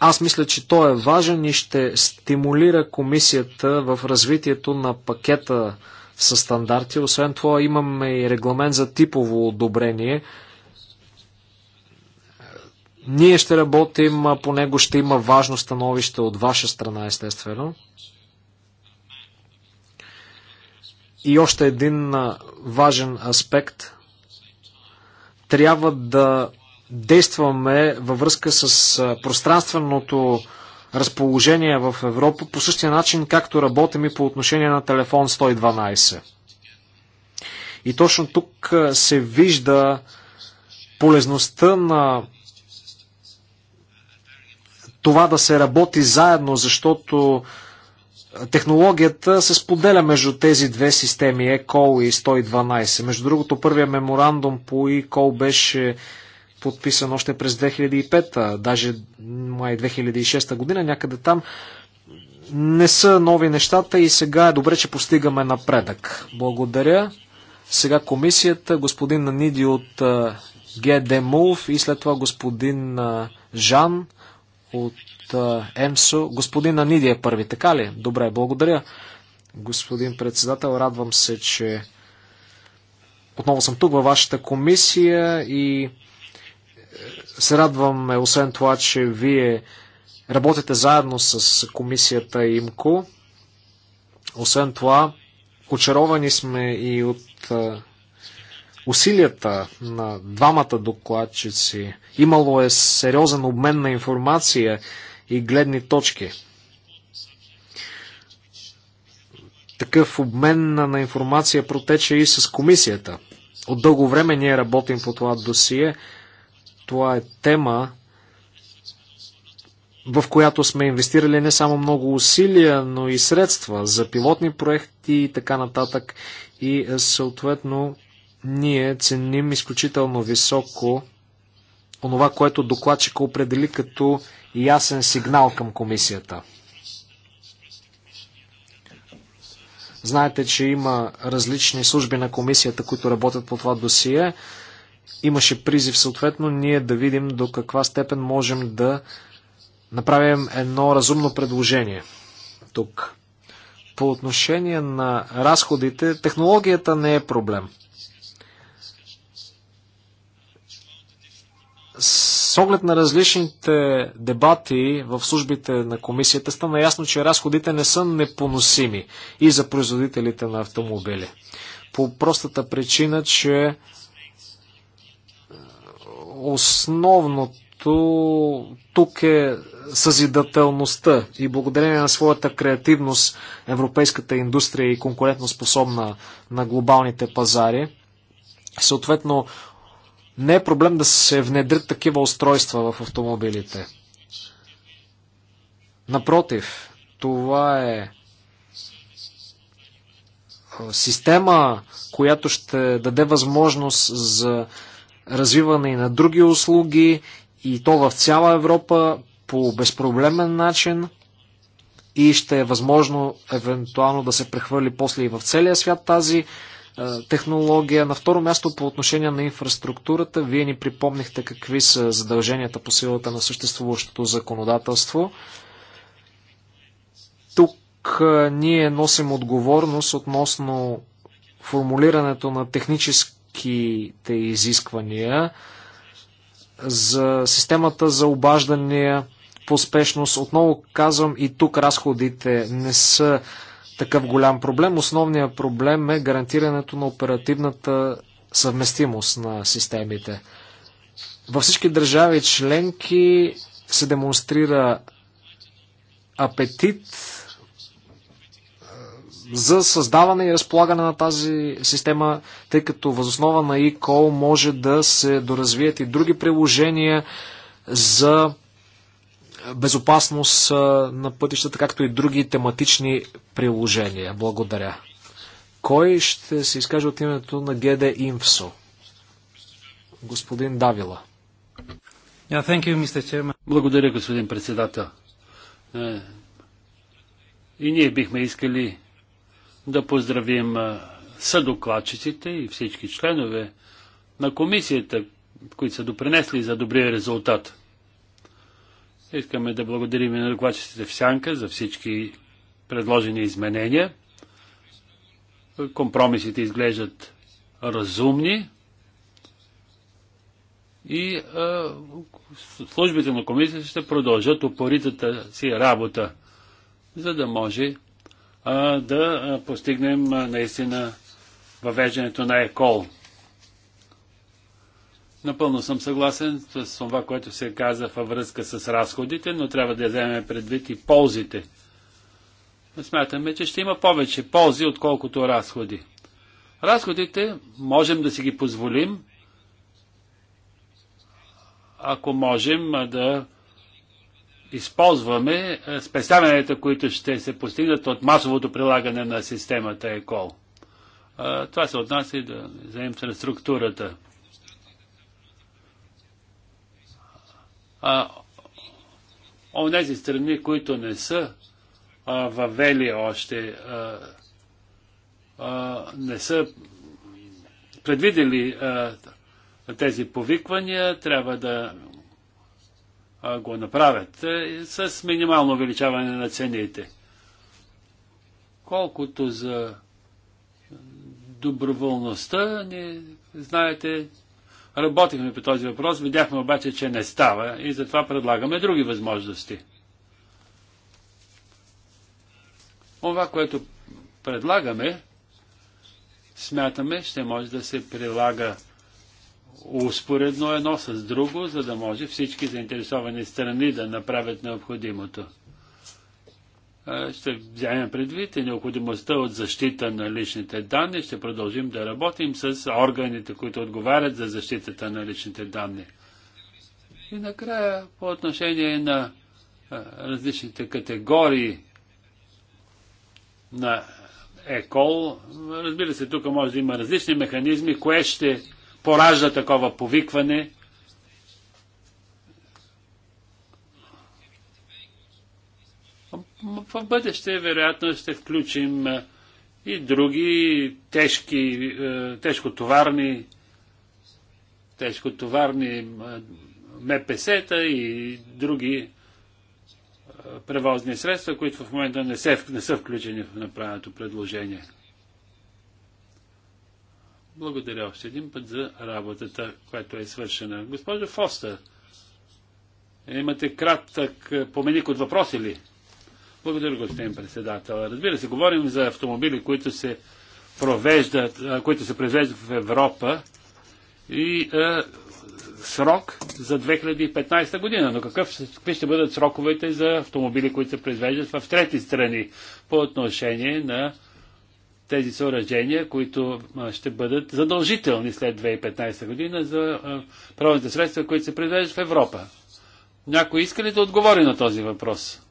Аз мисля, че той е важен и ще стимулира комисията в развитието на пакета със стандарти. Освен това имаме и регламент за типово одобрение. Ние ще работим, а по него ще има важно становище от ваша страна, естествено. И още един важен аспект. Трябва да действаме във връзка с пространственото разположение в Европа по същия начин, както работим и по отношение на телефон 112. И точно тук се вижда полезността на това да се работи заедно, защото технологията се споделя между тези две системи, ECO и 112. Между другото, първия меморандум по ECO беше подписан още през 2005, даже май 2006 година, някъде там. Не са нови нещата и сега е добре, че постигаме напредък. Благодаря. Сега комисията, господин Наниди от ГД Мулф и след това господин Жан от МСО. Господин Наниди е първи, така ли? Добре, благодаря. Господин председател, радвам се, че отново съм тук във вашата комисия и се радваме, освен това, че вие работите заедно с комисията ИМКО. Освен това, очаровани сме и от усилията на двамата докладчици. Имало е сериозен обмен на информация и гледни точки. Такъв обмен на информация протече и с комисията. От дълго време ние работим по това досие. Това е тема, в която сме инвестирали не само много усилия, но и средства за пилотни проекти и така нататък. И е, съответно ние ценим изключително високо онова, което докладчика определи като ясен сигнал към комисията. Знаете, че има различни служби на комисията, които работят по това досие имаше призив съответно ние да видим до каква степен можем да направим едно разумно предложение тук. По отношение на разходите, технологията не е проблем. С оглед на различните дебати в службите на комисията стана ясно, че разходите не са непоносими и за производителите на автомобили. По простата причина, че Основното тук е съзидателността и благодарение на своята креативност европейската индустрия е и конкурентоспособна на глобалните пазари. Съответно, не е проблем да се внедрят такива устройства в автомобилите. Напротив, това е система, която ще даде възможност за развиване и на други услуги и то в цяла Европа по безпроблемен начин и ще е възможно евентуално да се прехвърли после и в целия свят тази е, технология. На второ място по отношение на инфраструктурата, вие ни припомнихте какви са задълженията по силата на съществуващото законодателство. Тук е, ние носим отговорност относно формулирането на технически високите изисквания за системата за обаждания по спешност. Отново казвам и тук разходите не са такъв голям проблем. Основният проблем е гарантирането на оперативната съвместимост на системите. Във всички държави членки се демонстрира апетит за създаване и разполагане на тази система, тъй като възоснова на eCall може да се доразвият и други приложения за безопасност на пътищата, както и други тематични приложения. Благодаря. Кой ще се изкаже от името на ГД Инфсо? Господин Давила. Yeah, Благодаря, господин председател. Е, и ние бихме искали да поздравим съдокладчиците и всички членове на комисията, които са допринесли за добрия резултат. Искаме да благодарим и на докладчиците в Сянка за всички предложени изменения. Компромисите изглеждат разумни и а, службите на комисията ще продължат опоритата си работа, за да може да постигнем наистина въвеждането на ЕКОЛ. Напълно съм съгласен с това, което се каза във връзка с разходите, но трябва да вземем предвид и ползите. Смятаме, че ще има повече ползи, отколкото разходи. Разходите можем да си ги позволим, ако можем да използваме е, спестяванията, които ще се постигнат от масовото прилагане на системата ЕКОЛ. Това се отнася и да вземем на структурата. А, онези страни, които не са а, въвели още, а, а, не са предвидели а, тези повиквания, трябва да а, го направят а, е, с минимално увеличаване на цените. Колкото за доброволността, не знаете, работихме по този въпрос, видяхме обаче, че не става и затова предлагаме други възможности. Това, което предлагаме, смятаме, ще може да се прилага успоредно едно с друго, за да може всички заинтересовани страни да направят необходимото. Ще вземем предвид и необходимостта от защита на личните данни. Ще продължим да работим с органите, които отговарят за защитата на личните данни. И накрая, по отношение на различните категории на ЕКОЛ, разбира се, тук може да има различни механизми, кое ще поражда такова повикване. В бъдеще, вероятно, ще включим е, и други тежки, е, тежкотоварни, тежкотоварни е, МПС-та и други превозни средства, които в момента не, се, не са включени в направеното предложение благодаря още един път за работата, която е свършена. Госпожо Фостер, имате кратък е, поменик от въпроси ли? Благодаря, господин председател. Разбира се, говорим за автомобили, които се провеждат, които се произвеждат в Европа и е, срок за 2015 година. Но какъв, какви ще бъдат сроковете за автомобили, които се произвеждат в трети страни по отношение на тези съоръжения, които ще бъдат задължителни след 2015 година за правните средства, които се произвеждат в Европа. Някой иска ли да отговори на този въпрос?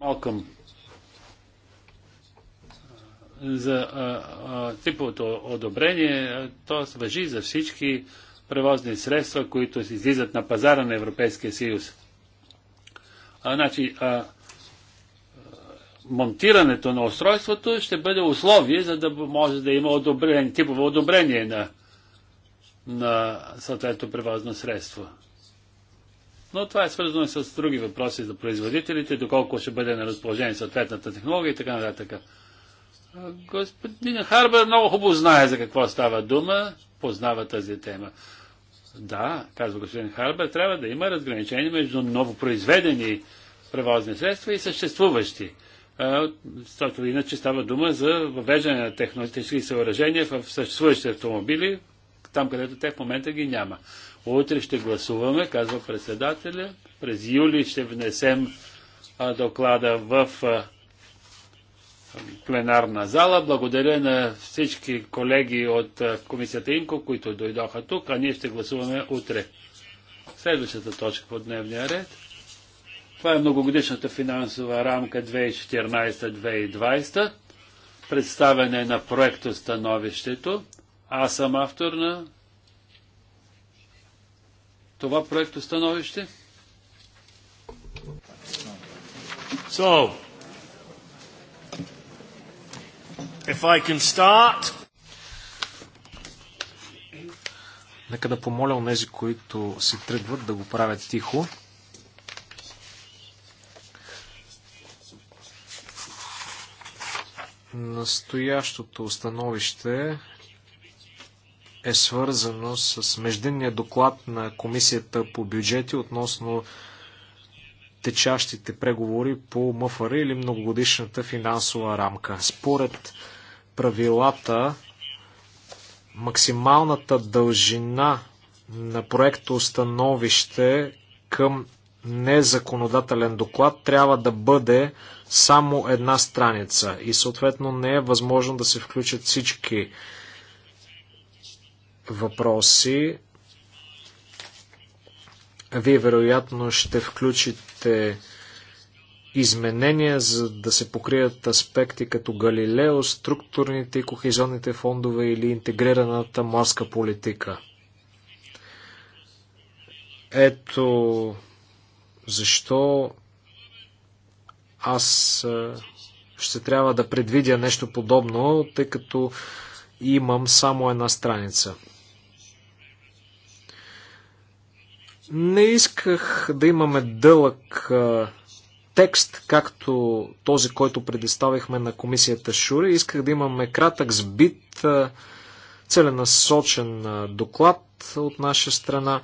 Малкъм. За типовото одобрение, то въжи за всички превозни средства, които излизат на пазара на Европейския съюз. А, значи, а, монтирането на устройството ще бъде условие, за да може да има одобрен, типово одобрение на, на съответното превозно средство. Но това е свързано с други въпроси за производителите, доколко ще бъде на разположение съответната технология и така нататък. Господин Харбър много хубаво знае за какво става дума, познава тази тема. Да, казва господин Харбер, трябва да има разграничение между новопроизведени превозни средства и съществуващи. Защото иначе става дума за въвеждане на технологически съоръжения в съществуващи автомобили, там където те в момента ги няма. Утре ще гласуваме, казва председателя. През юли ще внесем а, доклада в а, пленарна зала. Благодаря на всички колеги от комисията Инко, които дойдоха тук, а ние ще гласуваме утре. Следващата точка по дневния ред. Това е многогодишната финансова рамка 2014-2020. Представяне на проекто становището. Аз съм автор на това проекто становище. So, If I can start... Нека да помоля онези, които си тръгват, да го правят тихо. Настоящото установище е свързано с междинния доклад на Комисията по бюджети относно течащите преговори по МФР или многогодишната финансова рамка. Според правилата, максималната дължина на проекто към незаконодателен доклад трябва да бъде само една страница и съответно не е възможно да се включат всички въпроси. Вие вероятно ще включите изменения, за да се покрият аспекти като Галилео, структурните и кохезионните фондове или интегрираната морска политика. Ето защо аз ще трябва да предвидя нещо подобно, тъй като имам само една страница. Не исках да имаме дълъг текст, както този, който предоставихме на комисията Шури. Исках да имаме кратък сбит, целенасочен доклад от наша страна.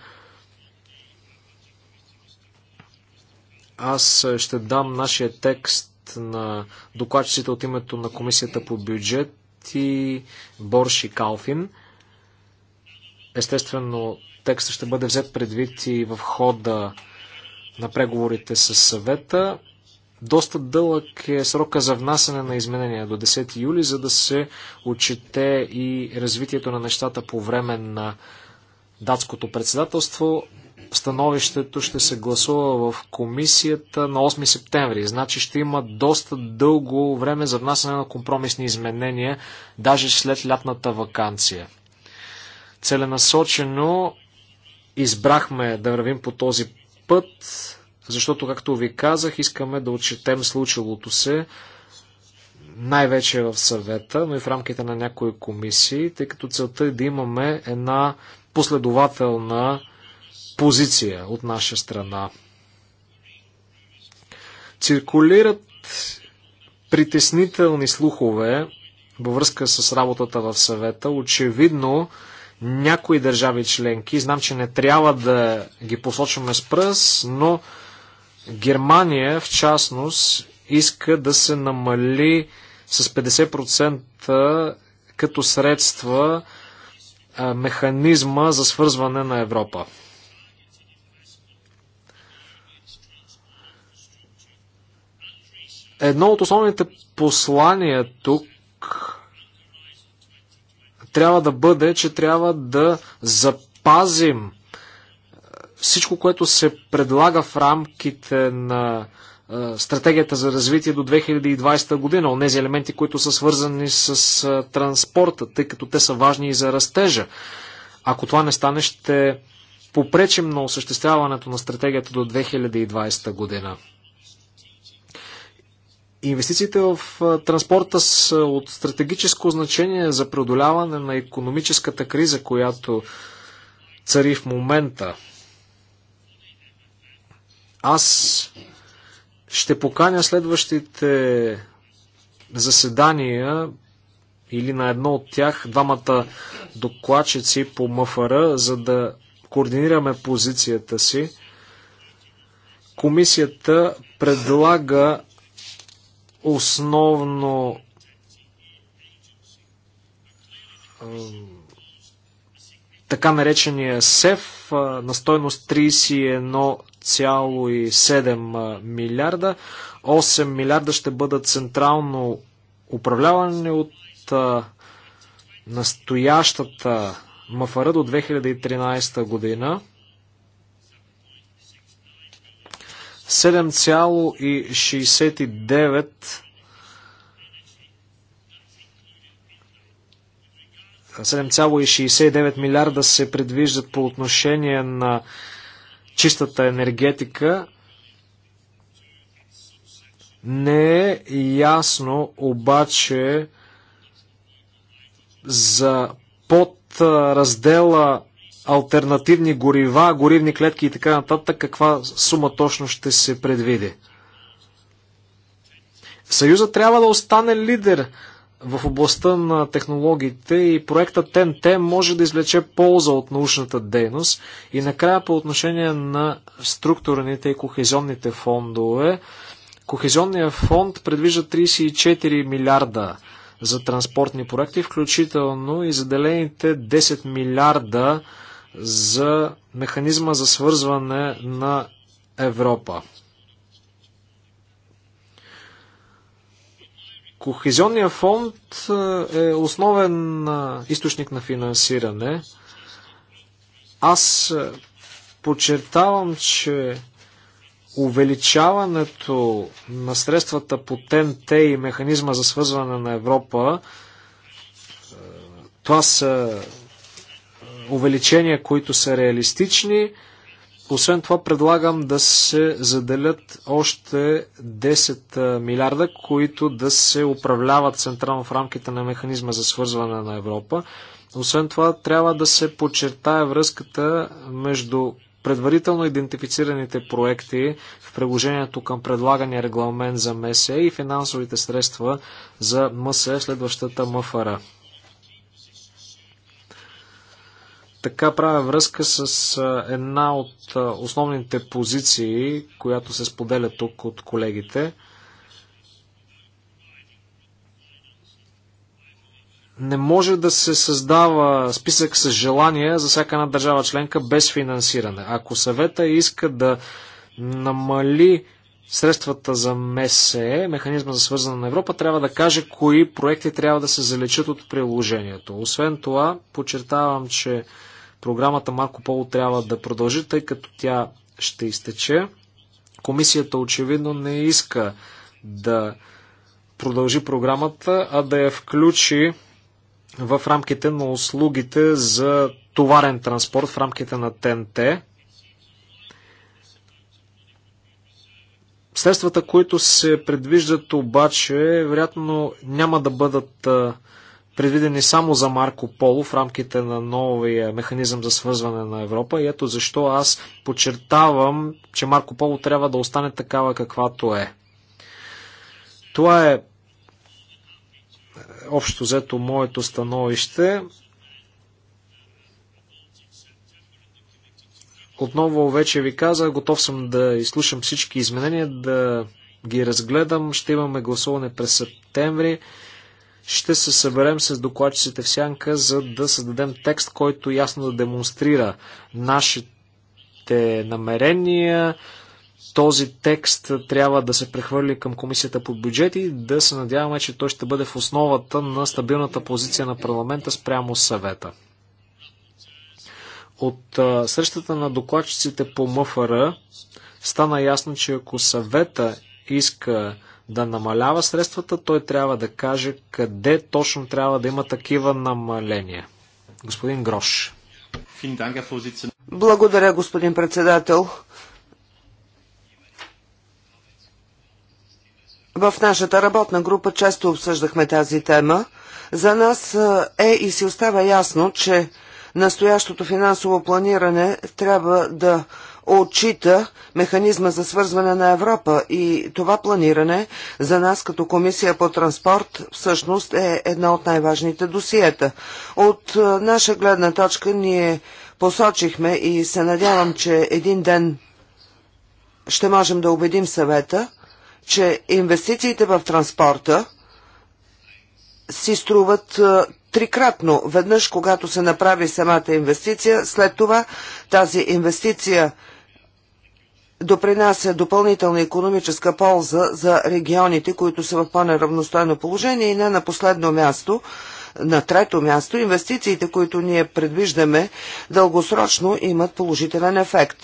Аз ще дам нашия текст на докладчиците от името на комисията по бюджет и Борши Калфин. Естествено, текстът ще бъде взет предвид и в хода на преговорите с съвета. Доста дълъг е срока за внасяне на изменения до 10 юли, за да се отчете и развитието на нещата по време на датското председателство. Становището ще се гласува в комисията на 8 септември. Значи ще има доста дълго време за внасяне на компромисни изменения, даже след лятната вакансия. Целенасочено избрахме да вървим по този път, защото, както ви казах, искаме да отчетем случилото се най-вече в съвета, но и в рамките на някои комисии, тъй като целта е да имаме една последователна позиция от наша страна. Циркулират притеснителни слухове във връзка с работата в съвета. Очевидно, някои държави членки, знам, че не трябва да ги посочваме с пръст, но Германия в частност иска да се намали с 50% като средства механизма за свързване на Европа. Едно от основните послания тук трябва да бъде, че трябва да запазим е, всичко, което се предлага в рамките на е, стратегията за развитие до 2020 година, От тези елементи, които са свързани с е, транспорта, тъй като те са важни и за растежа. Ако това не стане, ще попречим на осъществяването на стратегията до 2020 година. Инвестициите в транспорта са от стратегическо значение за преодоляване на економическата криза, която цари в момента. Аз ще поканя следващите заседания или на едно от тях двамата докладчици по МФР, за да координираме позицията си. Комисията предлага основно така наречения СЕФ на стойност 31,7 милиарда. 8 милиарда ще бъдат централно управлявани от настоящата МФР до 2013 година. 7,69 7,69 милиарда се предвиждат по отношение на чистата енергетика. Не е ясно обаче за под раздела альтернативни горива, горивни клетки и така нататък, каква сума точно ще се предвиди? Съюза трябва да остане лидер в областта на технологиите и проекта ТНТ може да извлече полза от научната дейност и накрая по отношение на структурните и кохезионните фондове. Кохезионният фонд предвижда 34 милиарда за транспортни проекти, включително и заделените 10 милиарда за механизма за свързване на Европа. Кохезионния фонд е, е основен източник на финансиране. Аз е, подчертавам, че увеличаването на средствата по ТНТ и механизма за свързване на Европа, е, това са увеличения, които са реалистични. Освен това предлагам да се заделят още 10 милиарда, които да се управляват централно в рамките на механизма за свързване на Европа. Освен това трябва да се подчертае връзката между предварително идентифицираните проекти в приложението към предлагания регламент за МСЕ и финансовите средства за МСЕ следващата МФРА. Така правя връзка с една от основните позиции, която се споделя тук от колегите. Не може да се създава списък с желания за всяка една държава членка без финансиране. Ако съвета иска да намали средствата за МСЕ, механизма за свързана на Европа, трябва да каже кои проекти трябва да се залечат от приложението. Освен това, подчертавам, че Програмата Марко Поло трябва да продължи, тъй като тя ще изтече. Комисията очевидно не иска да продължи програмата, а да я включи в рамките на услугите за товарен транспорт в рамките на ТНТ. Средствата, които се предвиждат обаче, вероятно няма да бъдат предвидени само за Марко Поло в рамките на новия механизъм за свързване на Европа. И ето защо аз подчертавам, че Марко Поло трябва да остане такава каквато е. Това е, е общо взето моето становище. Отново вече ви каза, готов съм да изслушам всички изменения, да ги разгледам. Ще имаме гласуване през септември. Ще се съберем с докладчиците в сянка, за да създадем текст, който ясно да демонстрира нашите намерения. Този текст трябва да се прехвърли към Комисията по бюджет и да се надяваме, че той ще бъде в основата на стабилната позиция на парламента спрямо съвета. От срещата на докладчиците по МФР стана ясно, че ако съвета иска да намалява средствата, той трябва да каже къде точно трябва да има такива намаления. Господин Грош. Благодаря, господин председател. В нашата работна група често обсъждахме тази тема. За нас е и си остава ясно, че настоящото финансово планиране трябва да отчита механизма за свързване на Европа и това планиране за нас като комисия по транспорт всъщност е една от най-важните досиета. От е, наша гледна точка ние посочихме и се надявам, че един ден ще можем да убедим съвета, че инвестициите в транспорта си струват е, трикратно. Веднъж, когато се направи самата инвестиция, след това тази инвестиция допринася допълнителна економическа полза за регионите, които са в по-неравностойно положение и не на последно място, на трето място, инвестициите, които ние предвиждаме, дългосрочно имат положителен ефект.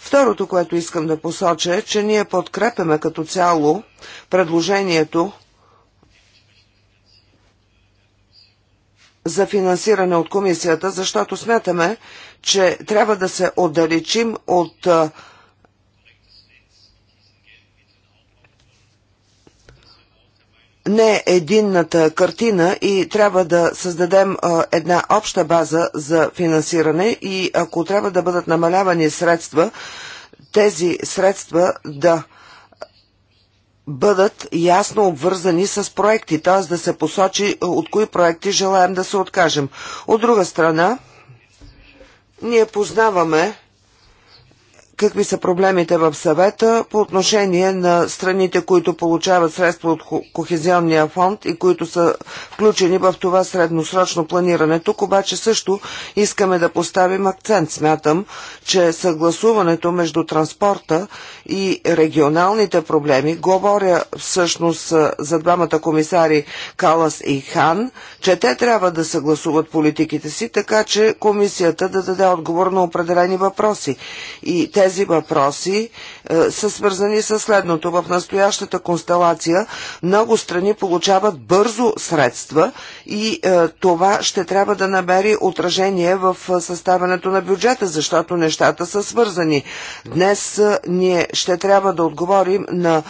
Второто, което искам да посоча е, че ние подкрепяме като цяло предложението за финансиране от комисията, защото смятаме, че трябва да се отдалечим от не единната картина и трябва да създадем а, една обща база за финансиране и ако трябва да бъдат намалявани средства, тези средства да бъдат ясно обвързани с проекти, т.е. да се посочи от кои проекти желаем да се откажем. От друга страна, ние познаваме какви са проблемите в съвета по отношение на страните, които получават средства от Кохезионния фонд и които са включени в това средносрочно планиране. Тук обаче също искаме да поставим акцент. Смятам, че съгласуването между транспорта и регионалните проблеми, говоря всъщност за двамата комисари Калас и Хан, че те трябва да съгласуват политиките си, така че комисията да даде отговор на определени въпроси. И те тези въпроси е, са свързани с следното. В настоящата констелация много страни получават бързо средства и е, това ще трябва да намери отражение в е, съставянето на бюджета, защото нещата са свързани. Днес е, ние ще трябва да отговорим на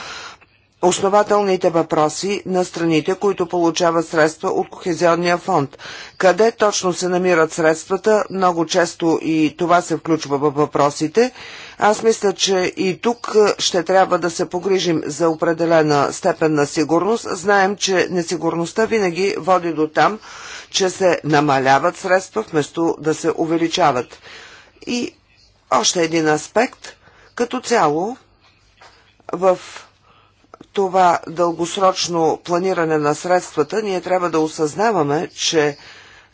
основателните въпроси на страните, които получават средства от Кохезионния фонд. Къде точно се намират средствата, много често и това се включва във въпросите. Аз мисля, че и тук е, ще трябва да се погрижим за определена степен на сигурност. Знаем, че несигурността винаги води до там, че се намаляват средства вместо да се увеличават. И още един аспект, като цяло в това дългосрочно планиране на средствата, ние трябва да осъзнаваме, че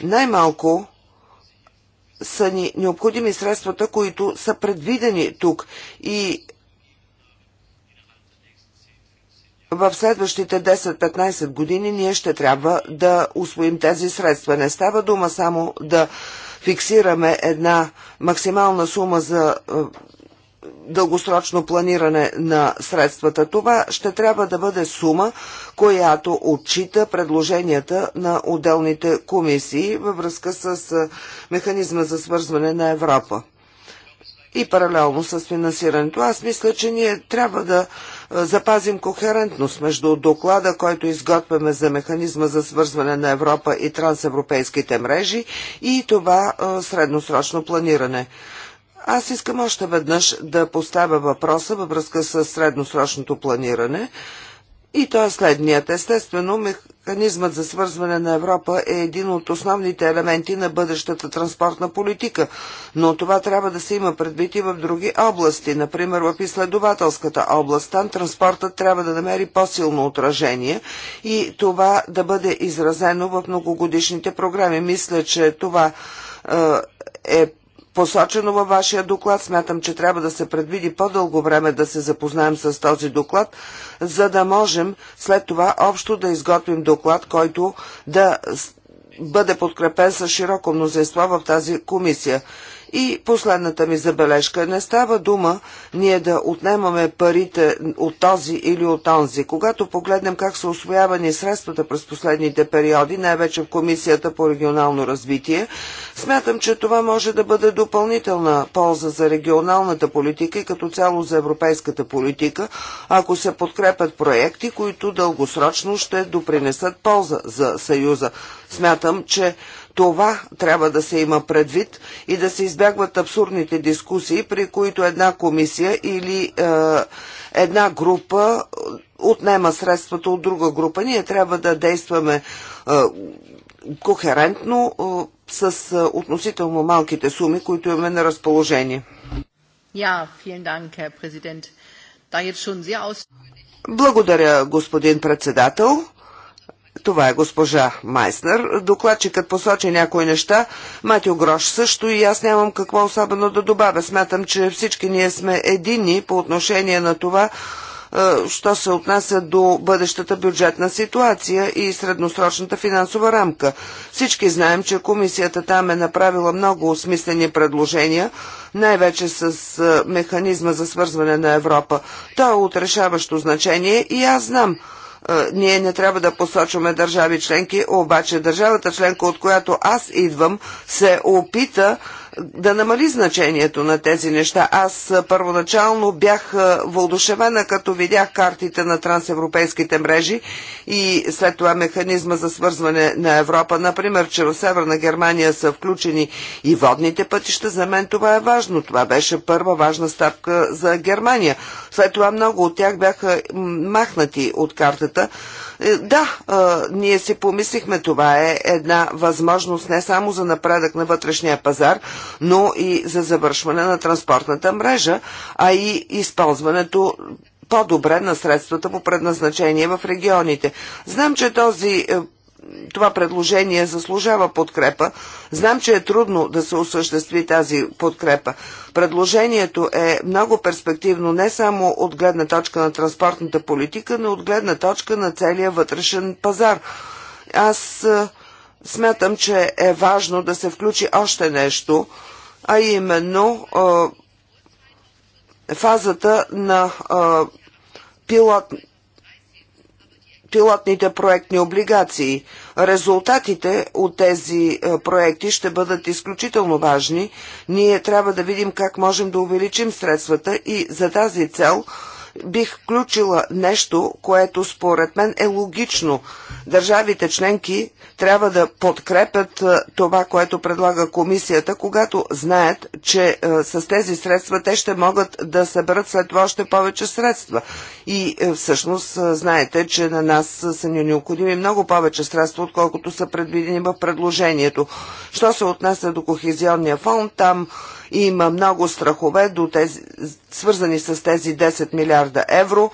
най-малко са ни необходими средствата, които са предвидени тук и в следващите 10-15 години ние ще трябва да усвоим тези средства. Не става дума само да фиксираме една максимална сума за е, дългосрочно планиране на средствата. Това ще трябва да бъде сума, която отчита предложенията на отделните комисии във връзка с механизма за свързване на Европа и паралелно с финансирането. Аз мисля, че ние трябва да запазим кохерентност между доклада, който изготвяме за механизма за свързване на Европа и трансевропейските мрежи и това средносрочно планиране. Аз искам още веднъж да поставя въпроса във връзка с средносрочното планиране. И то е следният. Естествено, механизмът за свързване на Европа е един от основните елементи на бъдещата транспортна политика, но това трябва да се има предвид и в други области, например в изследователската област. Там транспортът трябва да намери по-силно отражение и това да бъде изразено в многогодишните програми. Мисля, че това е, е посочено във вашия доклад. Смятам, че трябва да се предвиди по-дълго време да се запознаем с този доклад, за да можем след това общо да изготвим доклад, който да бъде подкрепен с широко мнозинство в тази комисия. И последната ми забележка. Не става дума ние да отнемаме парите от този или от онзи. Когато погледнем как са освоявани средствата през последните периоди, най-вече в Комисията по регионално развитие, смятам, че това може да бъде допълнителна полза за регионалната политика и като цяло за европейската политика, ако се подкрепят проекти, които дългосрочно ще допринесат полза за Съюза. Смятам, че това трябва да се има предвид и да се избягват абсурдните дискусии, при които една комисия или е, една група отнема средствата от друга група. Ние трябва да действаме е, кохерентно е, с е, относително малките суми, които имаме на разположение. Благодаря, господин председател. Това е госпожа Майснер. Докладчикът посочи някои неща. Матио Грош също и аз нямам какво особено да добавя. Смятам, че всички ние сме едини по отношение на това, е, що се отнася до бъдещата бюджетна ситуация и средносрочната финансова рамка. Всички знаем, че комисията там е направила много осмислени предложения, най-вече с е, механизма за свързване на Европа. То е отрешаващо значение и аз знам – е, ние не трябва да посочваме държави членки, обаче държавата членка, от която аз идвам, се опита да намали значението на тези неща. Аз първоначално бях вълдушевена, като видях картите на трансевропейските мрежи и след това механизма за свързване на Европа. Например, че в Северна Германия са включени и водните пътища. За мен това е важно. Това беше първа важна стъпка за Германия. След това много от тях бяха махнати от картата е, да, ние си помислихме, това е една възможност не само за напредък на вътрешния пазар, но и за завършване на транспортната мрежа, а и използването по-добре на средствата по предназначение в регионите. Знам, че този е, това предложение заслужава подкрепа. Знам, че е трудно да се осъществи тази подкрепа. Предложението е много перспективно не само от гледна точка на транспортната политика, но от гледна точка на целия вътрешен пазар. Аз смятам, че е важно да се включи още нещо, а именно фазата на пилотната пилотните проектни облигации. Резултатите от тези е, проекти ще бъдат изключително важни. Ние трябва да видим как можем да увеличим средствата и за тази цел – бих включила нещо, което според мен е логично. Държавите членки трябва да подкрепят е, това, което предлага комисията, когато знаят, че е, с тези средства те ще могат да съберат след това още повече средства. И е, всъщност знаете, че на нас са ни необходими много повече средства, отколкото са предвидени в предложението. Що се отнася до Кохезионния фонд, там има много страхове до тези, свързани с тези 10 милиарда евро.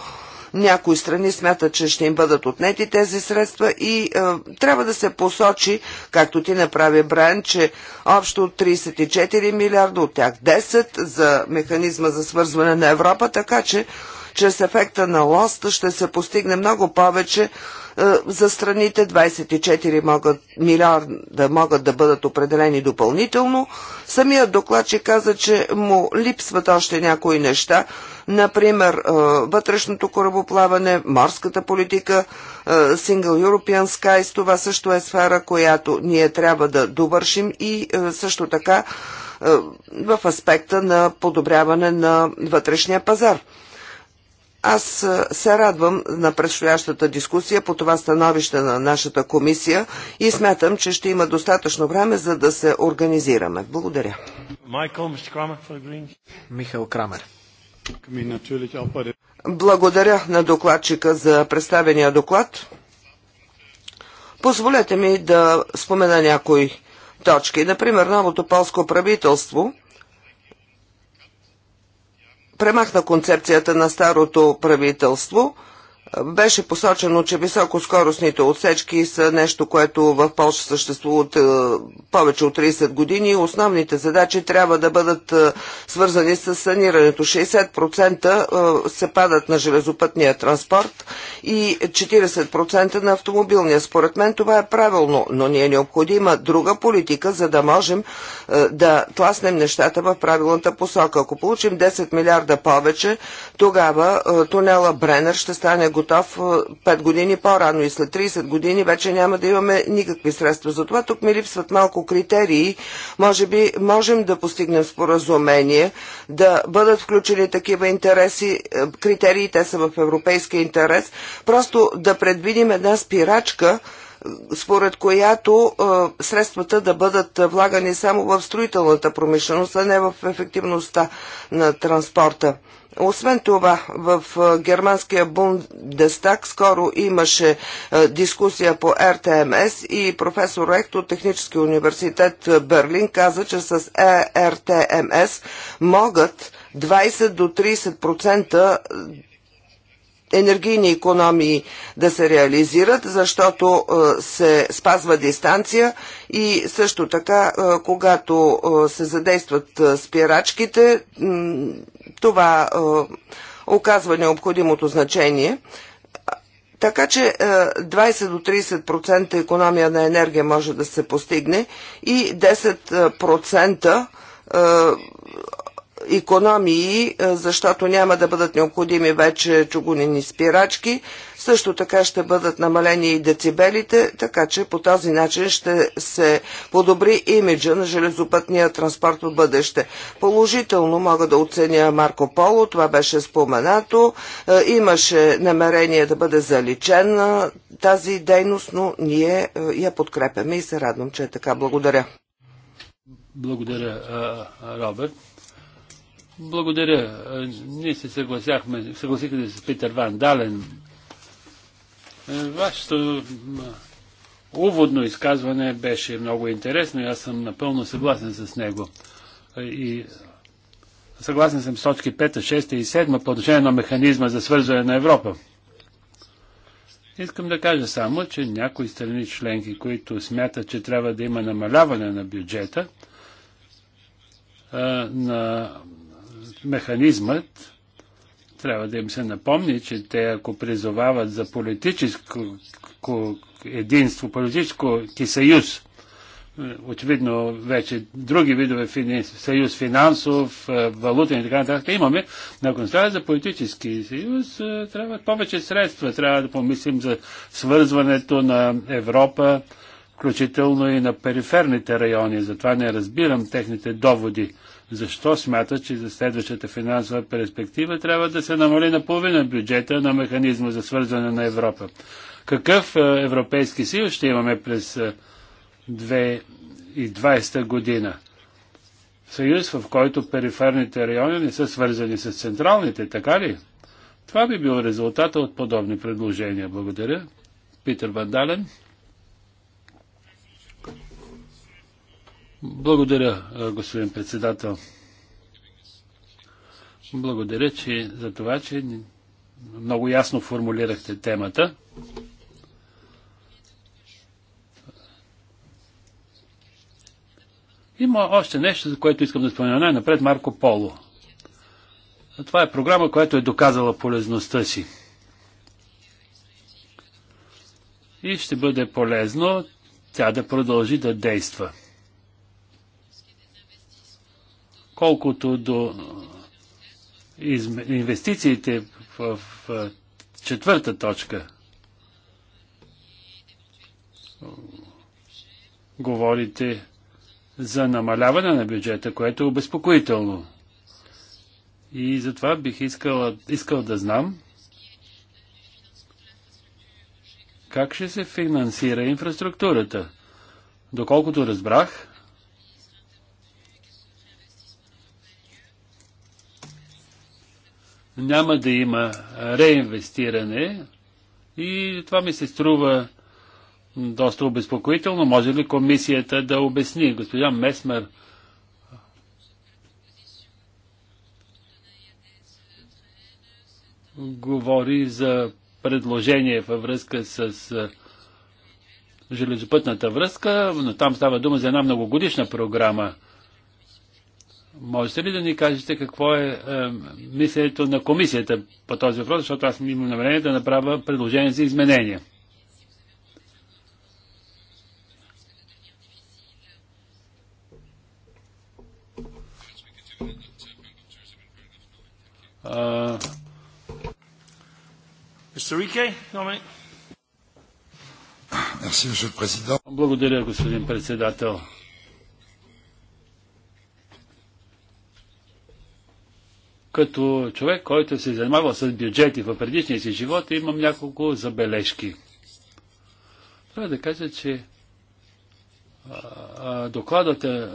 Някои страни смятат, че ще им бъдат отнети тези средства и е, трябва да се посочи, както ти направи Брайан, че общо 34 милиарда, от тях 10 за механизма за свързване на Европа, така че чрез ефекта на лоста ще се постигне много повече е, за страните, 24 могат, милиарда могат да бъдат определени допълнително. Самият ще каза, че му липсват още някои неща, например е, вътрешното корабоплаване, морската политика, е, Single European Skies, това също е сфера, която ние трябва да довършим и също така в аспекта на подобряване на вътрешния пазар. Аз се радвам на предстоящата дискусия по това становище на нашата комисия и смятам, че ще има достатъчно време за да се организираме. Благодаря. Михаил Крамер. Благодаря на докладчика за представения доклад. Позволете ми да спомена някои точки. Например, новото полско правителство – премахна концепцията на старото правителство – беше посочено, че високоскоростните отсечки са нещо, което в Польша съществува от е, повече от 30 години. Основните задачи трябва да бъдат е, свързани с санирането. 60% е, се падат на железопътния транспорт и 40% на автомобилния. Според мен това е правилно, но ни е необходима друга политика, за да можем да тласнем нещата в правилната посока. Ако получим 10 милиарда повече, тогава тунела Бренер ще стане готов 5 години по-рано и след 30 години вече няма да имаме никакви средства. Затова тук ми липсват малко критерии. Може би можем да постигнем споразумение, да бъдат включени такива интереси, е, критерии, те са в европейския интерес, просто да предвидим една спирачка, според която средствата да бъдат влагани само в строителната промишленост, а не в ефективността на транспорта. Освен това, в германския Бундестаг скоро имаше дискусия по РТМС и професор Рект от Технически университет Берлин каза, че с РТМС могат 20 до 30% енергийни економии да се реализират, защото е, се спазва дистанция и също така, е, когато е, се задействат спирачките, това оказва необходимото значение. Така че 20 до 30% економия на енергия може да се постигне и 10% економии, е, защото няма да бъдат необходими вече чугунени спирачки. Също така ще бъдат намалени и децибелите, така че по този начин ще се подобри имиджа на железопътния транспорт в бъдеще. Положително мога да оценя Марко Поло, това беше споменато. Е, имаше намерение да бъде заличена тази дейност, но ние е, я подкрепяме и се радвам, че е така. Благодаря. Благодаря, Роберт. Благодаря. Е, ние се съгласяхме, съгласихме с Питър Ван Дален. Е, вашето уводно изказване беше много интересно и аз съм напълно съгласен с него. Е, и съгласен съм с точки 5, 6 и 7 по отношение на механизма за свързване на Европа. Искам да кажа само, че някои страни членки, които смятат, че трябва да има намаляване на бюджета, на механизмът трябва да им се напомни, че те ако призовават за политическо единство, политическо ти съюз, очевидно вече други видове съюз, финансов, е, валутен и така нататък имаме, но ако става за политически съюз, е, трябва повече средства. Трябва да помислим за свързването на Европа, включително и на периферните райони. Затова не разбирам техните доводи защо смята, че за следващата финансова перспектива трябва да се намали наполовина бюджета на механизма за свързване на Европа. Какъв е, Европейски съюз ще имаме през 2020 е, година? Съюз, в който периферните райони не са свързани с централните, така ли? Това би било резултата от подобни предложения. Благодаря. Питер Вандален. Благодаря, господин председател. Благодаря че, за това, че много ясно формулирахте темата. Има още нещо, за което искам да спомена най-напред Марко Поло. Това е програма, която е доказала полезността си. И ще бъде полезно тя да продължи да действа. Колкото до инвестициите в четвърта точка, говорите за намаляване на бюджета, което е обезпокоително. И затова бих искал, искал да знам как ще се финансира инфраструктурата. Доколкото разбрах, няма да има реинвестиране и това ми се струва доста обезпокоително. Може ли комисията да обясни? Господин Месмер говори за предложение във връзка с железопътната връзка, но там става дума за една многогодишна програма. Можете ли да ни кажете какво е, е мисленето на комисията по този въпрос, защото аз имам намерение да направя предложение за изменения. Благодаря, господин председател. Като човек, който се занимавал с бюджети в предишния си живот, имам няколко забележки. Трябва да кажа, че докладът е,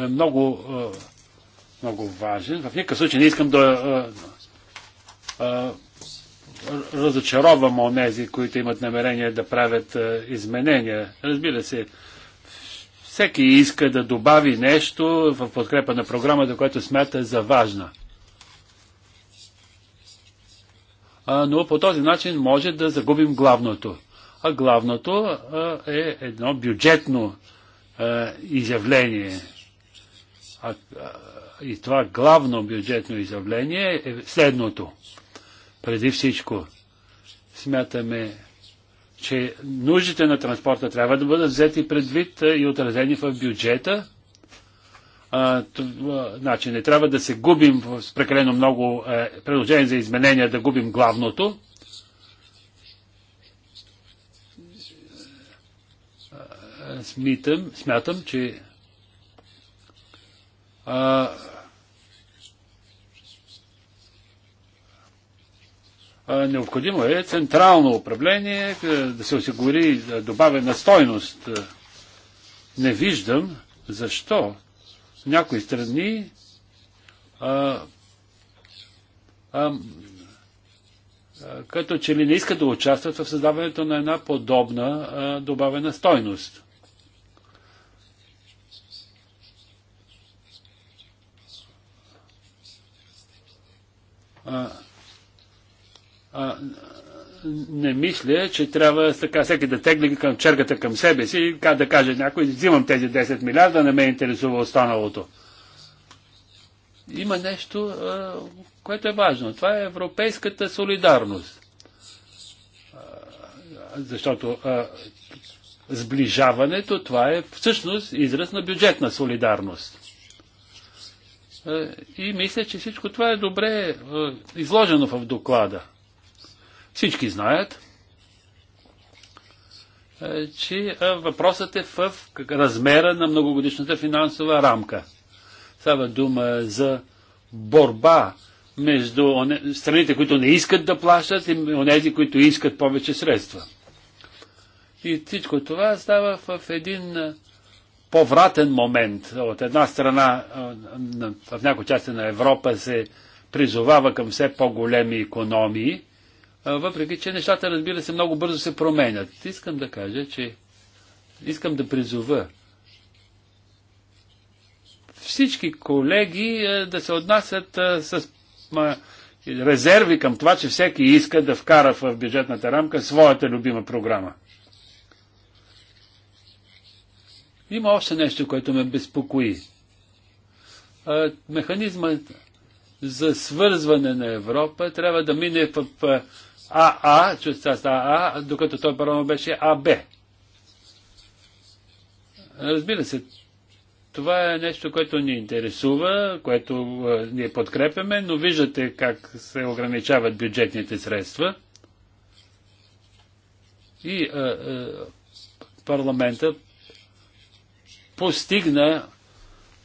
е много, много важен. В никакъв случай не искам да разочаровам онези, които имат намерение да правят изменения. Разбира се, всеки иска да добави нещо в подкрепа на програмата, което смята за важна. А, но по този начин може да загубим главното. А главното а, е едно бюджетно а, изявление. А, а, и това главно бюджетно изявление е следното. Преди всичко смятаме, че нуждите на транспорта трябва да бъдат взети предвид и отразени в бюджета. А, това, значи не трябва да се губим с прекалено много е, предложения за изменения, да губим главното. Смитам, смятам, че а, необходимо е централно управление, е, да се осигури добавена стойност. Е, не виждам защо някои страни а, а, като че ли не искат да участват в създаването на една подобна а, добавена стойност. А, а, не мисля, че трябва така всеки да тегли към чергата към себе си и да каже някой, взимам тези 10 милиарда, не ме интересува останалото. Има нещо, което е важно. Това е европейската солидарност. защото сближаването, това е всъщност израз на бюджетна солидарност. И мисля, че всичко това е добре изложено в доклада. Всички знаят, е, че е, въпросът е в размера на многогодишната финансова рамка. Става дума за борба между страните, които не искат да плащат и онези, които искат повече средства. И всичко това става в един е, повратен момент. От една страна, в някои части на Европа се призовава към все по-големи економии, въпреки че нещата, разбира се, много бързо се променят. Искам да кажа, че искам да призова всички колеги да се отнасят с резерви към това, че всеки иска да вкара в бюджетната рамка своята любима програма. Има още нещо, което ме безпокои. Механизмът за свързване на Европа трябва да мине в АА, частта АА, докато той първо беше АБ. Разбира се, това е нещо, което ни интересува, което ние подкрепяме, но виждате как се ограничават бюджетните средства. И а, а, парламента постигна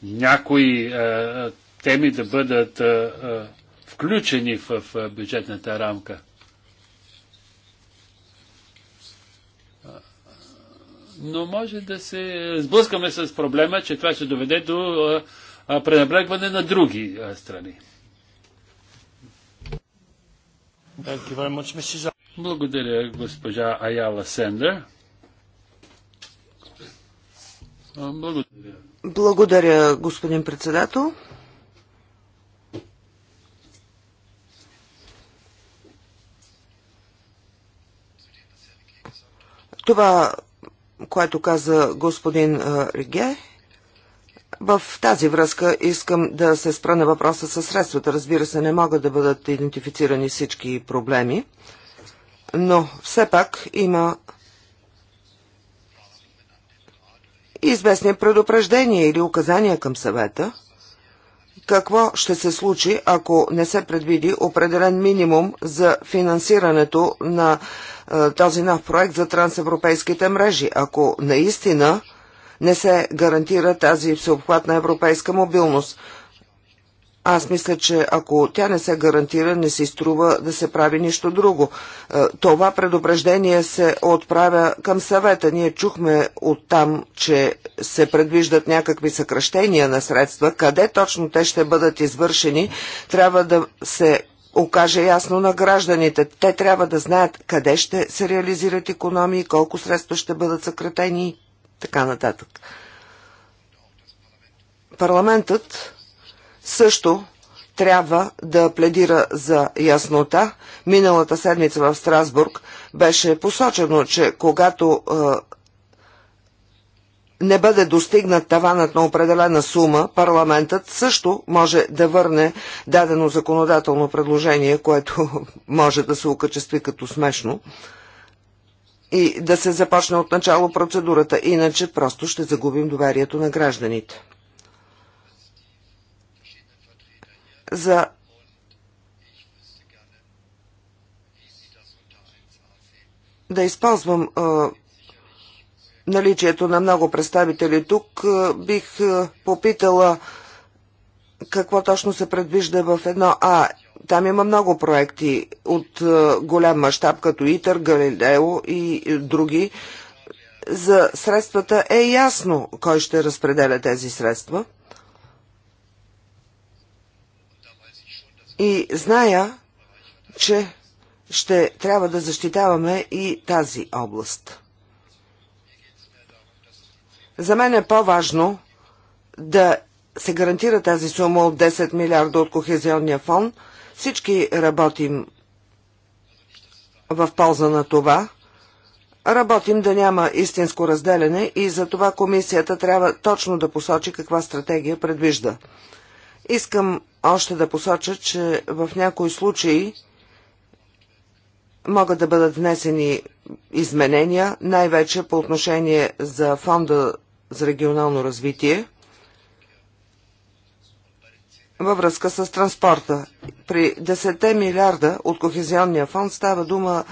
някои а, теми да бъдат а, а, включени в, в бюджетната рамка. но може да се сблъскаме с проблема, че това ще доведе до пренебрегване на други страни. Благодаря, госпожа Аяла Сендер. Благодаря. Благодаря, господин председател. Това, което каза господин Риге. В тази връзка искам да се спра на въпроса със средствата. Разбира се, не могат да бъдат идентифицирани всички проблеми, но все пак има известни предупреждения или указания към съвета – какво ще се случи, ако не се предвиди определен минимум за финансирането на е, този нов проект за трансевропейските мрежи, ако наистина не се гарантира тази всеобхватна европейска мобилност. Аз мисля, че ако тя не се гарантира, не се струва да се прави нищо друго. Е, това предупреждение се отправя към съвета. Ние чухме от там, че се предвиждат някакви съкръщения на средства. Къде точно те ще бъдат извършени, трябва да се окаже ясно на гражданите. Те трябва да знаят къде ще се реализират економии, колко средства ще бъдат съкратени и така нататък. Парламентът също трябва да пледира за яснота. Миналата седмица в Страсбург беше посочено, че когато не бъде достигнат таванът на определена сума, парламентът също може да върне дадено законодателно предложение, което може да се окачестви като смешно и да се започне от начало процедурата, иначе просто ще загубим доверието на гражданите. за да използвам а, наличието на много представители тук, а, бих а, попитала какво точно се предвижда в едно А. Там има много проекти от а, голям мащаб, като ИТър, Галилео и, и други. За средствата е ясно кой ще разпределя тези средства. И зная, че ще трябва да защитаваме и тази област. За мен е по-важно да се гарантира тази сума от 10 милиарда от Кохезионния фонд. Всички работим в полза на това. Работим да няма истинско разделяне и за това комисията трябва точно да посочи каква стратегия предвижда. Искам още да посоча, че в някои случаи могат да бъдат внесени изменения, най-вече по отношение за фонда за регионално развитие във връзка с транспорта. При 10 милиарда от Кохезионния фонд става дума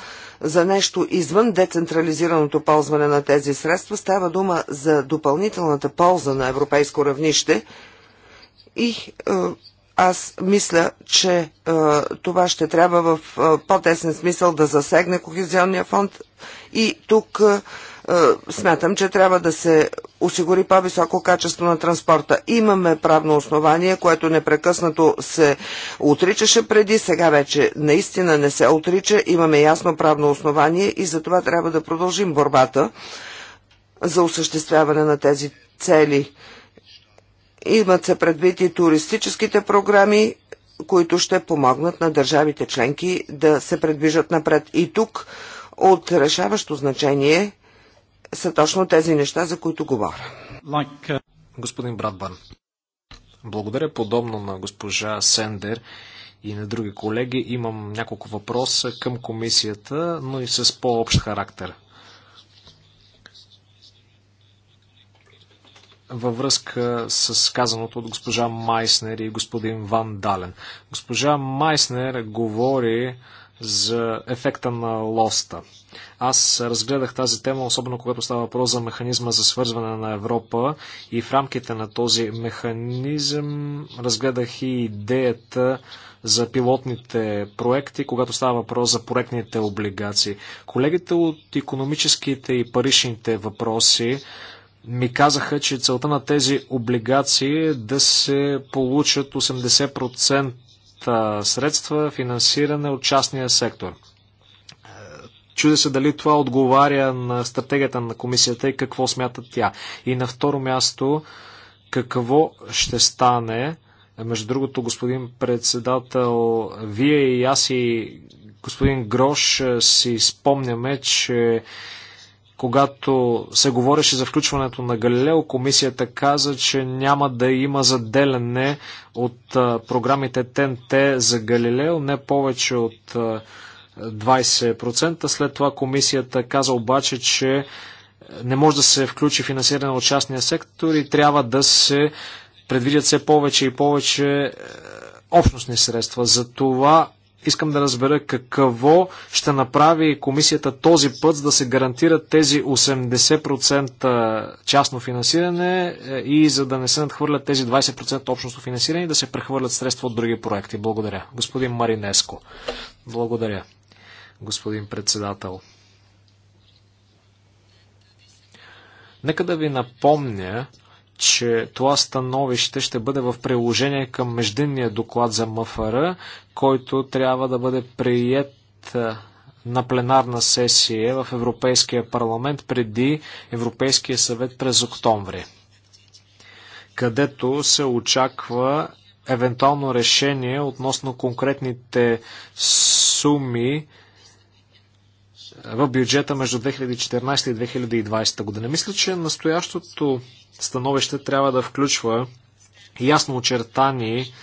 за нещо извън децентрализираното ползване на тези средства, става дума за допълнителната полза на европейско равнище – и е, аз мисля, че е, това ще трябва в е, по-тесен смисъл да засегне Кохезионния фонд и тук смятам, че трябва да се осигури по-високо качество на транспорта. Имаме правно основание, което непрекъснато се отричаше преди, сега вече наистина не се отрича, имаме ясно правно основание и за това трябва да продължим борбата за осъществяване на тези цели. Имат се предвид и туристическите програми, които ще помогнат на държавите членки да се предвижат напред. И тук от решаващо значение са точно тези неща, за които говоря. Like, uh, Господин Братбан, благодаря подобно на госпожа Сендер и на други колеги. Имам няколко въпроса към комисията, но и с по-общ характер. във връзка с казаното от госпожа Майснер и господин Ван Дален. Госпожа Майснер говори за ефекта на лоста. Аз разгледах тази тема, особено когато става въпрос за механизма за свързване на Европа и в рамките на този механизъм разгледах и идеята за пилотните проекти, когато става въпрос за проектните облигации. Колегите от економическите и паричните въпроси ми казаха, че целта на тези облигации е да се получат 80% средства финансиране от частния сектор. Чудя се дали това отговаря на стратегията на комисията и какво смята тя. И на второ място, какво ще стане? Между другото, господин председател, вие и аз и господин Грош е, си спомняме, че когато се говореше за включването на Галилео, комисията каза, че няма да има заделяне от програмите ТНТ за Галилео, не повече от 20%. След това комисията каза обаче, че не може да се включи финансиране от частния сектор и трябва да се предвидят все повече и повече е, общностни средства. За това Искам да разбера какво ще направи комисията този път, за да се гарантират тези 80% частно финансиране е, и за да не се надхвърлят тези 20% общностно финансиране и да се прехвърлят средства от други проекти. Благодаря. Господин Маринеско. Благодаря, господин председател. Нека да ви напомня, че това становище ще бъде в приложение към междинния доклад за МФР, който трябва да бъде прият на пленарна сесия в Европейския парламент преди Европейския съвет през октомври, където се очаква евентуално решение относно конкретните суми, в бюджета между 2014 и 2020 година. Мисля, че настоящото становище трябва да включва ясно очертани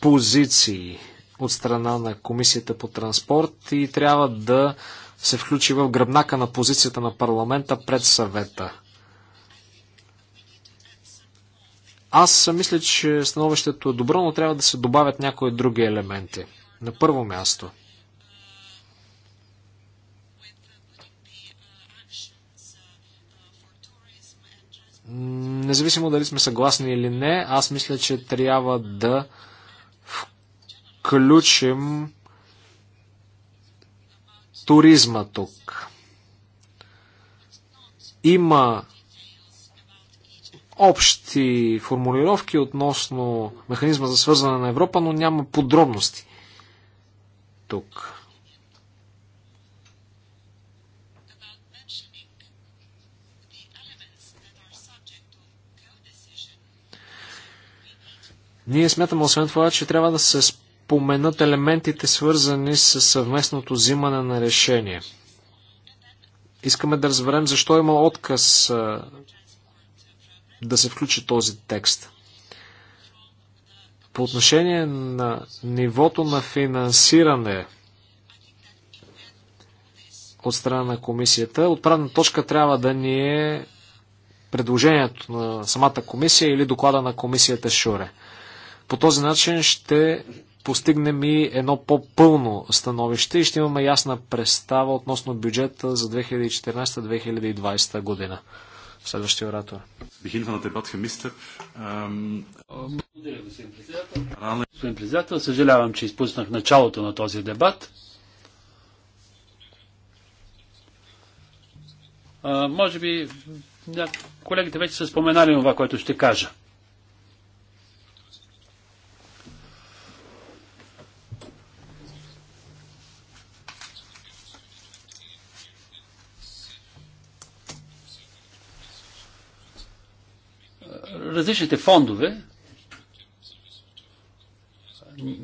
позиции от страна на Комисията по транспорт и трябва да се включи в гръбнака на позицията на парламента пред съвета. Аз мисля, че становището е добро, но трябва да се добавят някои други елементи. На първо място – Независимо дали сме съгласни или не, аз мисля, че трябва да включим туризма тук. Има общи формулировки относно механизма за свързване на Европа, но няма подробности тук. Ние смятаме освен това, че трябва да се споменат елементите свързани с съвместното взимане на решение. Искаме да разберем защо има отказ да се включи този текст. По отношение на нивото на финансиране от страна на комисията, отправна точка трябва да ни е предложението на самата комисия или доклада на комисията Шуре. По този начин ще постигнем и едно по-пълно становище и ще имаме ясна представа относно бюджета за 2014-2020 година. Следващия оратор. Begin на дебат, debat ehm, Благодаря, господин Господин председател, съжалявам, че изпуснах началото на този дебат. А, може би колегите вече са споменали това, което ще кажа. различните фондове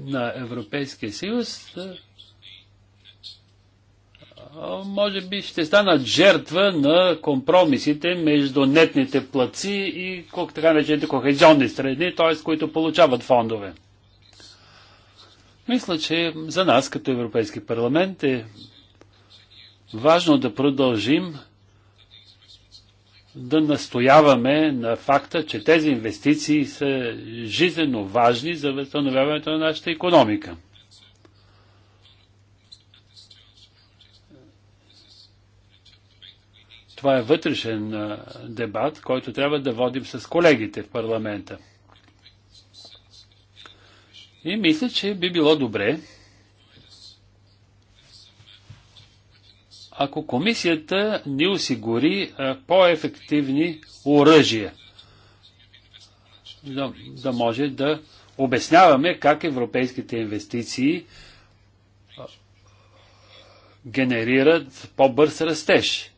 на Европейския съюз може би ще станат жертва на компромисите между нетните плаци и колко така наречените кохезионни страни, т.е. които получават фондове. Мисля, че за нас като Европейски парламент е важно да продължим да настояваме на факта, че тези инвестиции са жизненно важни за възстановяването на нашата економика. Това е вътрешен дебат, който трябва да водим с колегите в парламента. И мисля, че би било добре ако комисията ни осигури по-ефективни оръжия, да, да може да обясняваме как европейските инвестиции генерират по-бърз растеж.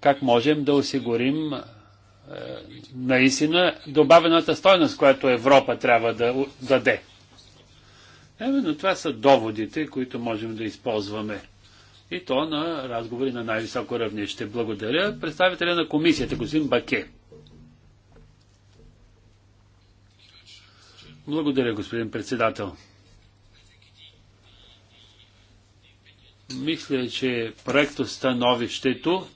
Как можем да осигурим наистина добавената стойност, която Европа трябва да даде. Именно това са доводите, които можем да използваме и то на разговори на най-високо равнище. Благодаря представителя на комисията, господин Баке. Благодаря, господин председател. Мисля, че проектостановището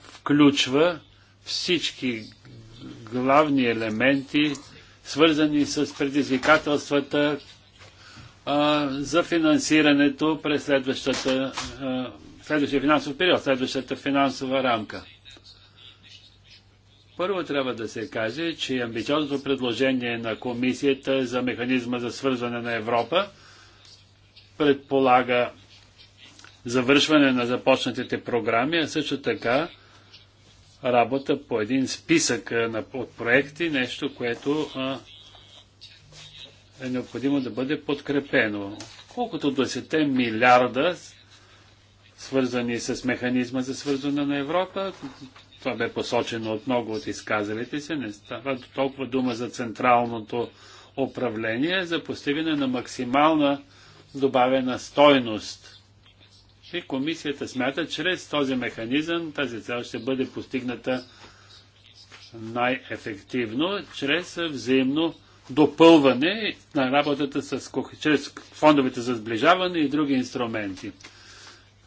включва всички главни елементи, свързани с предизвикателствата, за финансирането през следващата, следващия финансов период, следващата финансова рамка. Първо трябва да се каже, че амбициозното предложение на комисията за механизма за свързване на Европа предполага завършване на започнатите програми, а също така работа по един списък от проекти, нещо, което е необходимо да бъде подкрепено. Колкото до 10 милиарда, свързани с механизма за свързване на Европа, това бе посочено от много от изказалите се, не става толкова дума за централното управление, за постигане на максимална добавена стойност. И комисията смята, чрез този механизъм тази цел ще бъде постигната най-ефективно, чрез взаимно допълване на работата с, чрез фондовете за сближаване и други инструменти.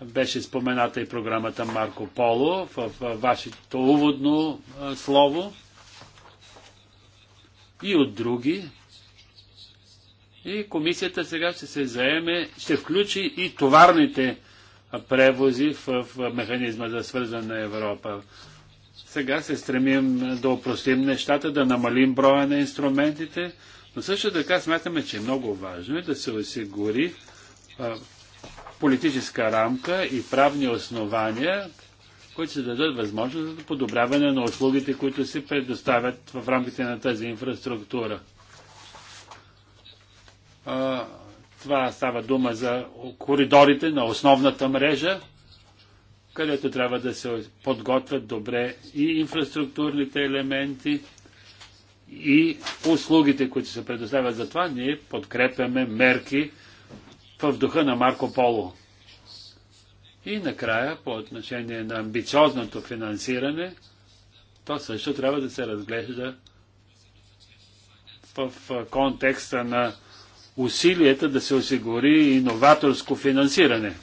Беше спомената и програмата Марко Поло в вашето уводно слово и от други. И комисията сега ще се заеме, ще включи и товарните превози в механизма за свързване на Европа. Сега се стремим да опростим нещата, да намалим броя на инструментите, но също така смятаме, че е много важно е да се осигури а, политическа рамка и правни основания, които ще дадат възможност за подобряване на услугите, които се предоставят в рамките на тази инфраструктура. А, това става дума за коридорите на основната мрежа, където трябва да се подготвят добре и инфраструктурните елементи, и услугите, които се предоставят за това, ние подкрепяме мерки в духа на Марко Поло. И накрая, по отношение на амбициозното финансиране, то също трябва да се разглежда в контекста на усилията да се осигури иноваторско финансиране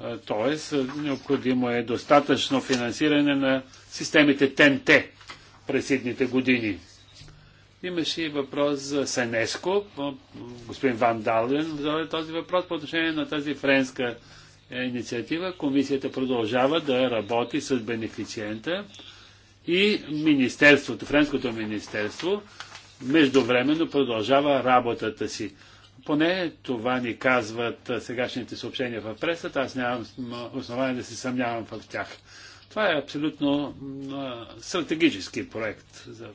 т.е. необходимо е достатъчно финансиране на системите ТНТ през едните години. Имаше и въпрос за Сенеско. Господин Ван Дален зададе този въпрос по отношение на тази френска е, инициатива. Комисията продължава да работи с бенефициента и Министерството, Френското министерство, междувременно продължава работата си. Поне това ни казват сегашните съобщения в пресата. Аз нямам основание да се съмнявам в тях. Това е абсолютно стратегически проект за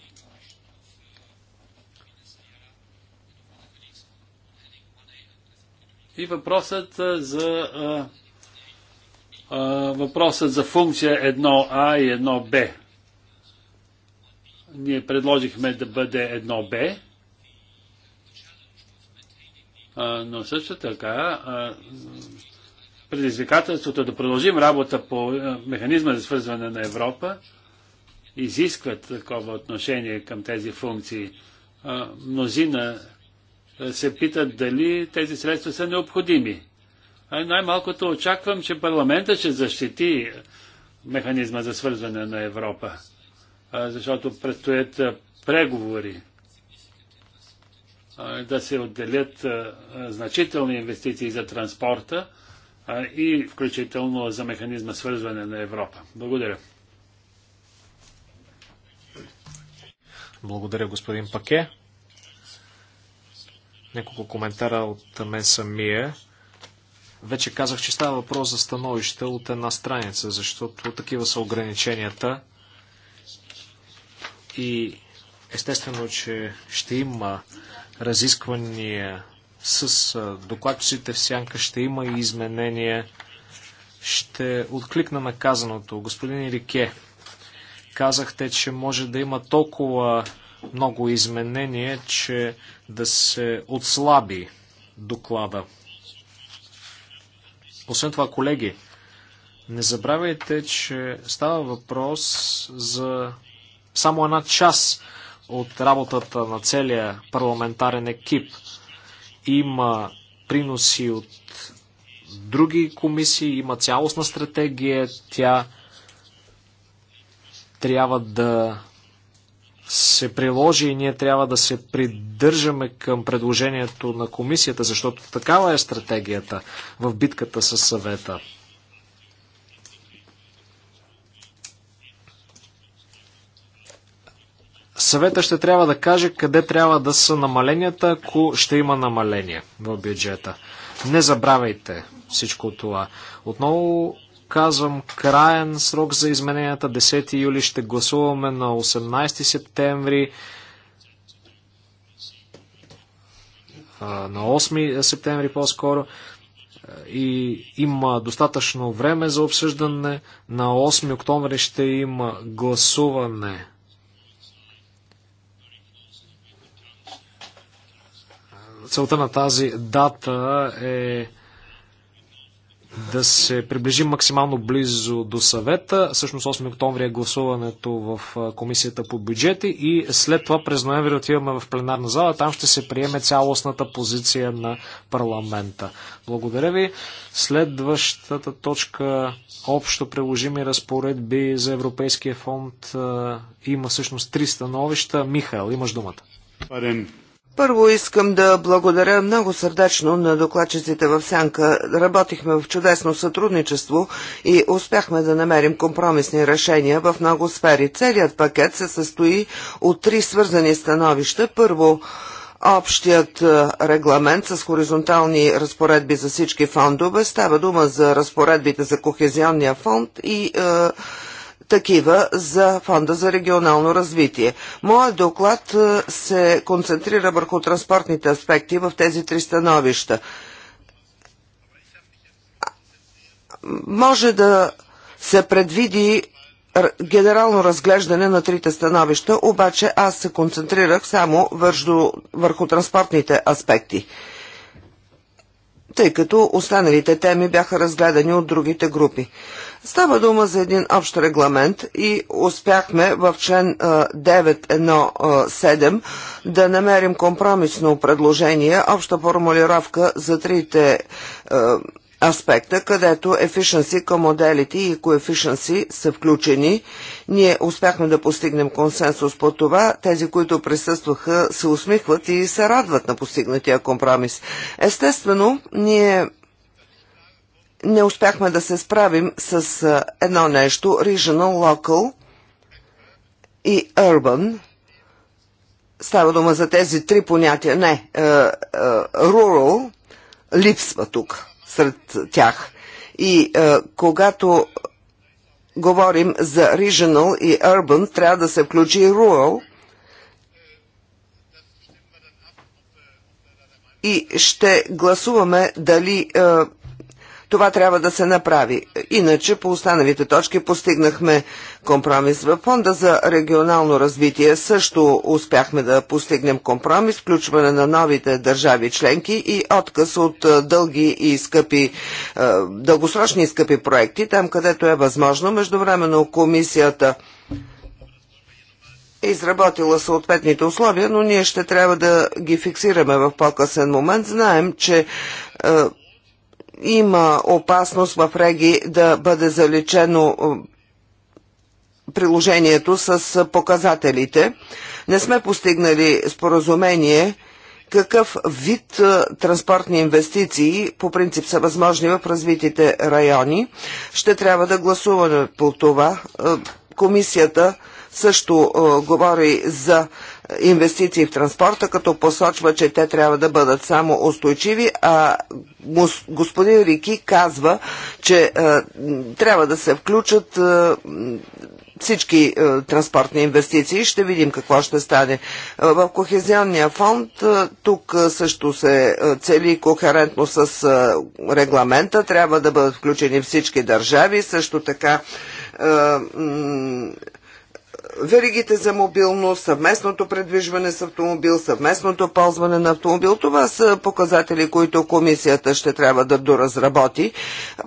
И въпросът за а, а, въпросът за функция 1А и 1Б. Ние предложихме да бъде 1Б, но също така предизвикателството да продължим работа по механизма за свързване на Европа изискват такова отношение към тези функции. Мнозина се питат дали тези средства са необходими. Най-малкото очаквам, че парламента ще защити механизма за свързване на Европа, защото предстоят преговори да се отделят значителни инвестиции за транспорта и включително за механизма свързване на Европа. Благодаря. Благодаря, господин Паке. Няколко коментара от мен самия. Вече казах, че става въпрос за становища от една страница, защото такива са ограниченията. И естествено, че ще има разисквания с докладчиците в сянка. Ще има и изменения. Ще откликна на казаното. Господин Ирике, казахте, че може да има толкова много изменения, че да се отслаби доклада. Освен това, колеги, не забравяйте, че става въпрос за само една част от работата на целия парламентарен екип. Има приноси от други комисии, има цялостна стратегия, тя трябва да се приложи и ние трябва да се придържаме към предложението на комисията, защото такава е стратегията в битката с съвета. Съвета ще трябва да каже къде трябва да са намаленията, ако ще има намаление в бюджета. Не забравяйте всичко това. Отново казвам, краен срок за измененията 10 юли ще гласуваме на 18 септември. на 8 септември по-скоро и има достатъчно време за обсъждане. На 8 октомври ще има гласуване Целта на тази дата е да се приближим максимално близо до съвета. Всъщност 8 октомври е гласуването в комисията по бюджети и след това през ноември отиваме в пленарна зала. Там ще се приеме цялостната позиция на парламента. Благодаря ви. Следващата точка общо приложими разпоредби за Европейския фонд има всъщност три становища. Михаил, имаш думата. Първо искам да благодаря много сърдечно на докладчиците в Сянка. Работихме в чудесно сътрудничество и успяхме да намерим компромисни решения в много сфери. Целият пакет се състои от три свързани становища. Първо, Общият регламент с хоризонтални разпоредби за всички фондове става дума за разпоредбите за Кохезионния фонд и е, такива за Фонда за регионално развитие. Моят доклад е, се концентрира върху транспортните аспекти в тези три становища. Може да се предвиди генерално разглеждане на трите становища, обаче аз се концентрирах само върху, върху транспортните аспекти, тъй като останалите теми бяха разгледани от другите групи. Става дума за един общ регламент и успяхме в член 9.1.7 да намерим компромисно предложение, обща формулировка за трите аспекта, където efficiency, commodality и coefficiency са включени. Ние успяхме да постигнем консенсус по това. Тези, които присъстваха, се усмихват и се радват на постигнатия компромис. Естествено, ние не успяхме да се справим с едно нещо, Regional, Local и Urban. Става дума за тези три понятия. Не, Rural липсва тук сред тях. И когато говорим за Regional и Urban, трябва да се включи и Rural – и ще гласуваме дали е, това трябва да се направи. Иначе по останалите точки постигнахме компромис в фонда за регионално развитие. Също успяхме да постигнем компромис, включване на новите държави членки и отказ от дълги и скъпи, дългосрочни и скъпи проекти, там където е възможно. Междувременно комисията е изработила съответните условия, но ние ще трябва да ги фиксираме в по-късен момент. Знаем, че има опасност в Реги да бъде заличено е, приложението с показателите. Не сме постигнали споразумение какъв вид е, транспортни инвестиции по принцип са възможни в развитите райони. Ще трябва да гласуваме по това. Е, комисията също говори за инвестиции в транспорта, като посочва, че те трябва да бъдат само устойчиви, а господин Рики казва, че е, трябва да се включат е, всички е, транспортни инвестиции. Ще видим какво ще стане. В Кохезионния фонд тук също се цели кохерентно с регламента. Трябва да бъдат включени всички държави. Също така веригите за мобилност, съвместното предвижване с автомобил, съвместното ползване на автомобил. Това са показатели, които комисията ще трябва да доразработи.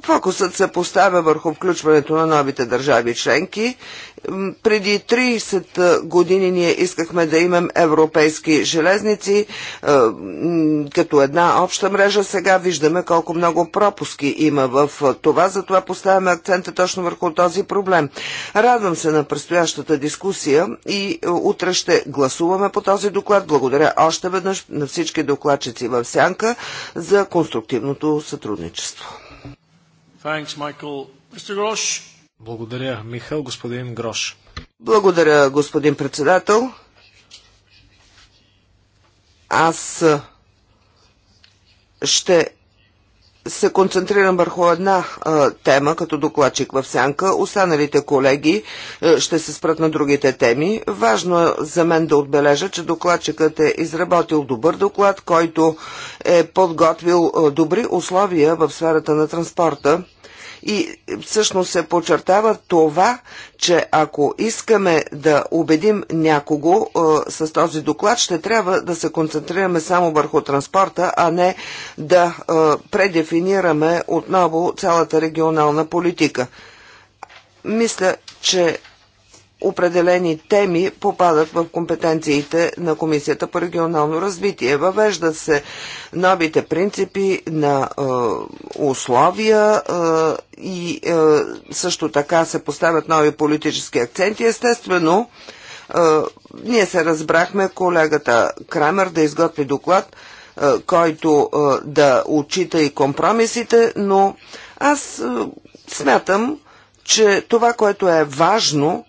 Фокусът се поставя върху включването на новите държави членки преди 30 години ние искахме да имам европейски железници като една обща мрежа. Сега виждаме колко много пропуски има в това, затова поставяме акцента точно върху този проблем. Радвам се на предстоящата дискусия и утре ще гласуваме по този доклад. Благодаря още веднъж на всички докладчици в Сянка за конструктивното сътрудничество. Thanks, Michael. Mr. Grosch, благодаря, Михал. Господин Грош. Благодаря, господин председател. Аз ще се концентрирам върху една а, тема като докладчик в сянка. Останалите колеги а, ще се спрат на другите теми. Важно е за мен да отбележа, че докладчикът е изработил добър доклад, който е подготвил а, добри условия в сферата на транспорта и всъщност се подчертава това, че ако искаме да убедим някого е, с този доклад, ще трябва да се концентрираме само върху транспорта, а не да е, предефинираме отново цялата регионална политика. Мисля, че определени теми попадат в компетенциите на Комисията по регионално развитие. Въвеждат се новите принципи на е, условия е, и е, също така се поставят нови политически акценти. Естествено, е, ние се разбрахме колегата Крамер да изготви доклад, е, който е, да отчита и компромисите, но аз е, смятам, че това, което е важно,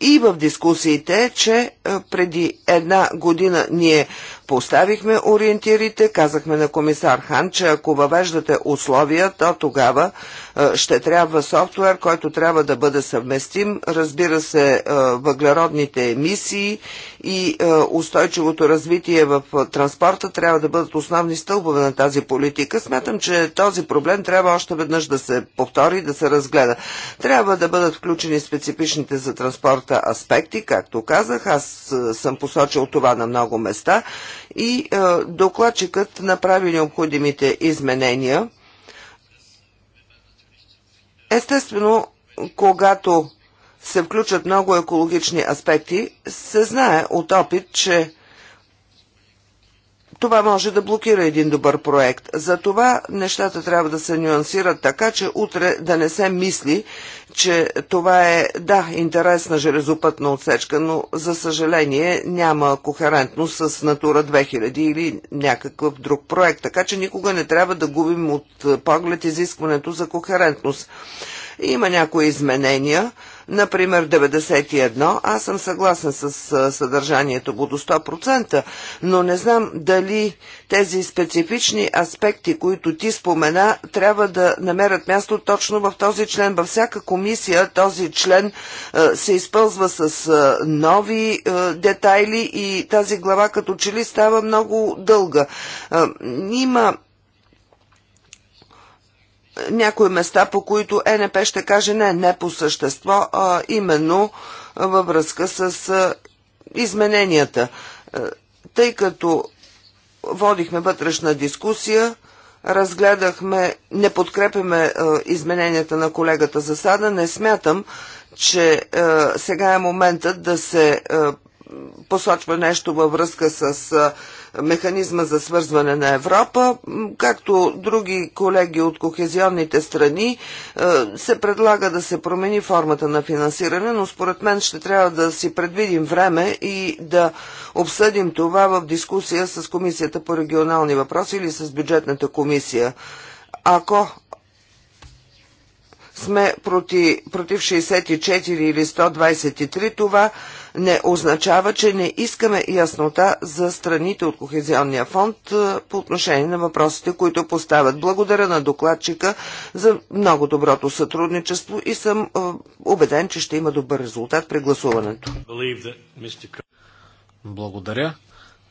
и в дискусиите, че преди една година ние Поставихме ориентирите, казахме на комисар Хан, че ако въвеждате условия, то тогава е, ще трябва софтуер, който трябва да бъде съвместим, разбира се, е, въглеродните емисии и е, устойчивото развитие в транспорта трябва да бъдат основни стълбове на тази политика. Смятам, че този проблем трябва още веднъж да се повтори, да се разгледа. Трябва да бъдат включени специфичните за транспорта аспекти, както казах. Аз съм посочил това на много места и е, докладчикът направи необходимите изменения. Естествено, когато се включат много екологични аспекти, се знае от опит, че това може да блокира един добър проект. Затова нещата трябва да се нюансират така, че утре да не се мисли, че това е, да, интересна железопътна отсечка, но за съжаление няма кохерентност с Натура 2000 или някакъв друг проект. Така че никога не трябва да губим от поглед изискването за кохерентност. Има някои изменения, Например, 91, аз съм съгласен с съдържанието го до 100%, но не знам дали тези специфични аспекти, които ти спомена, трябва да намерят място точно в този член. Във всяка комисия този член се изпълзва с нови детайли и тази глава като че ли става много дълга. Има някои места, по които ЕНП ще каже не, не по същество, а именно във връзка с измененията. Тъй като водихме вътрешна дискусия, разгледахме, не подкрепяме измененията на колегата Засада, не смятам, че сега е моментът да се посочва нещо във връзка с механизма за свързване на Европа, както други колеги от кохезионните страни, е, се предлага да се промени формата на финансиране, но според мен ще трябва да си предвидим време и да обсъдим това в дискусия с Комисията по регионални въпроси или с бюджетната комисия. Ако сме против 64 или 123, това не означава, че не искаме яснота за страните от Кохезионния фонд по отношение на въпросите, които поставят. Благодаря на докладчика за много доброто сътрудничество и съм убеден, че ще има добър резултат при гласуването. Благодаря.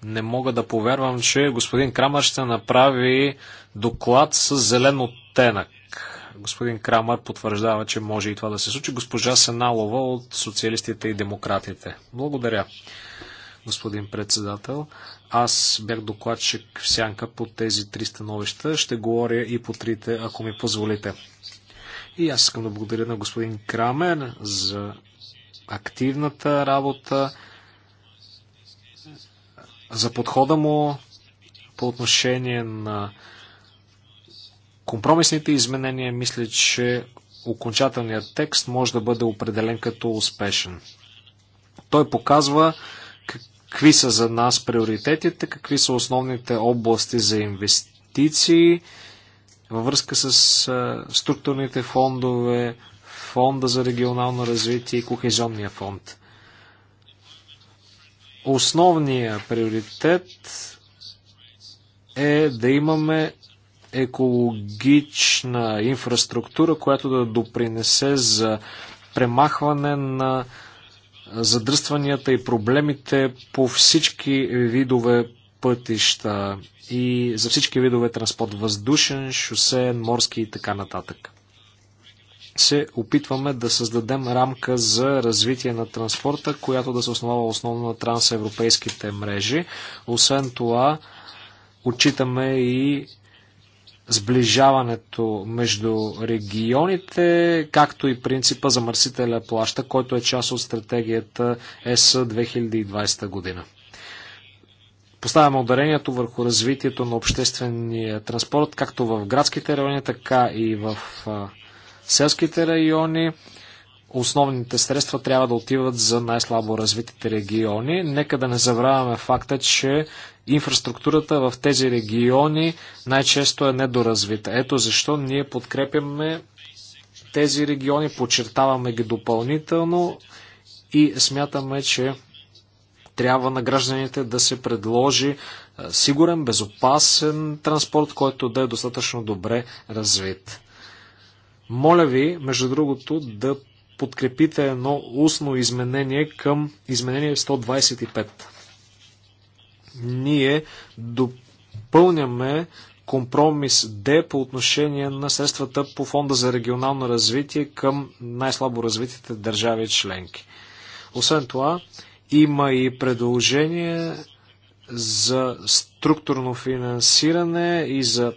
Не мога да повярвам, че господин Крамър ще направи доклад с зелен оттенък. Господин Крамър потвърждава, че може и това да се случи. Госпожа Сеналова от Социалистите и Демократите. Благодаря, господин председател. Аз бях докладчик в сянка по тези три становища. Ще говоря и по трите, ако ми позволите. И аз искам да благодаря на господин Крамер за активната работа, за подхода му по отношение на Компромисните изменения мисля, че окончателният текст може да бъде определен като успешен. Той показва какви са за нас приоритетите, какви са основните области за инвестиции във връзка с структурните фондове, фонда за регионално развитие и кохезионния фонд. Основният приоритет е да имаме екологична инфраструктура, която да допринесе за премахване на задръстванията и проблемите по всички видове пътища и за всички видове транспорт въздушен, шосеен, морски и така нататък. Се опитваме да създадем рамка за развитие на транспорта, която да се основава основно на трансевропейските мрежи. Освен това, отчитаме и сближаването между регионите, както и принципа за мърсителя плаща, който е част от стратегията ЕС 2020 година. Поставяме ударението върху развитието на обществения транспорт, както в градските райони, така и в селските райони. Основните средства трябва да отиват за най-слабо развитите региони. Нека да не забравяме факта, че инфраструктурата в тези региони най-често е недоразвита. Ето защо ние подкрепяме тези региони, подчертаваме ги допълнително и смятаме, че трябва на гражданите да се предложи сигурен, безопасен транспорт, който да е достатъчно добре развит. Моля ви, между другото, да подкрепите едно устно изменение към изменение 125 ние допълняме компромис Д по отношение на средствата по Фонда за регионално развитие към най-слабо развитите държави членки. Освен това, има и предложение за структурно финансиране и за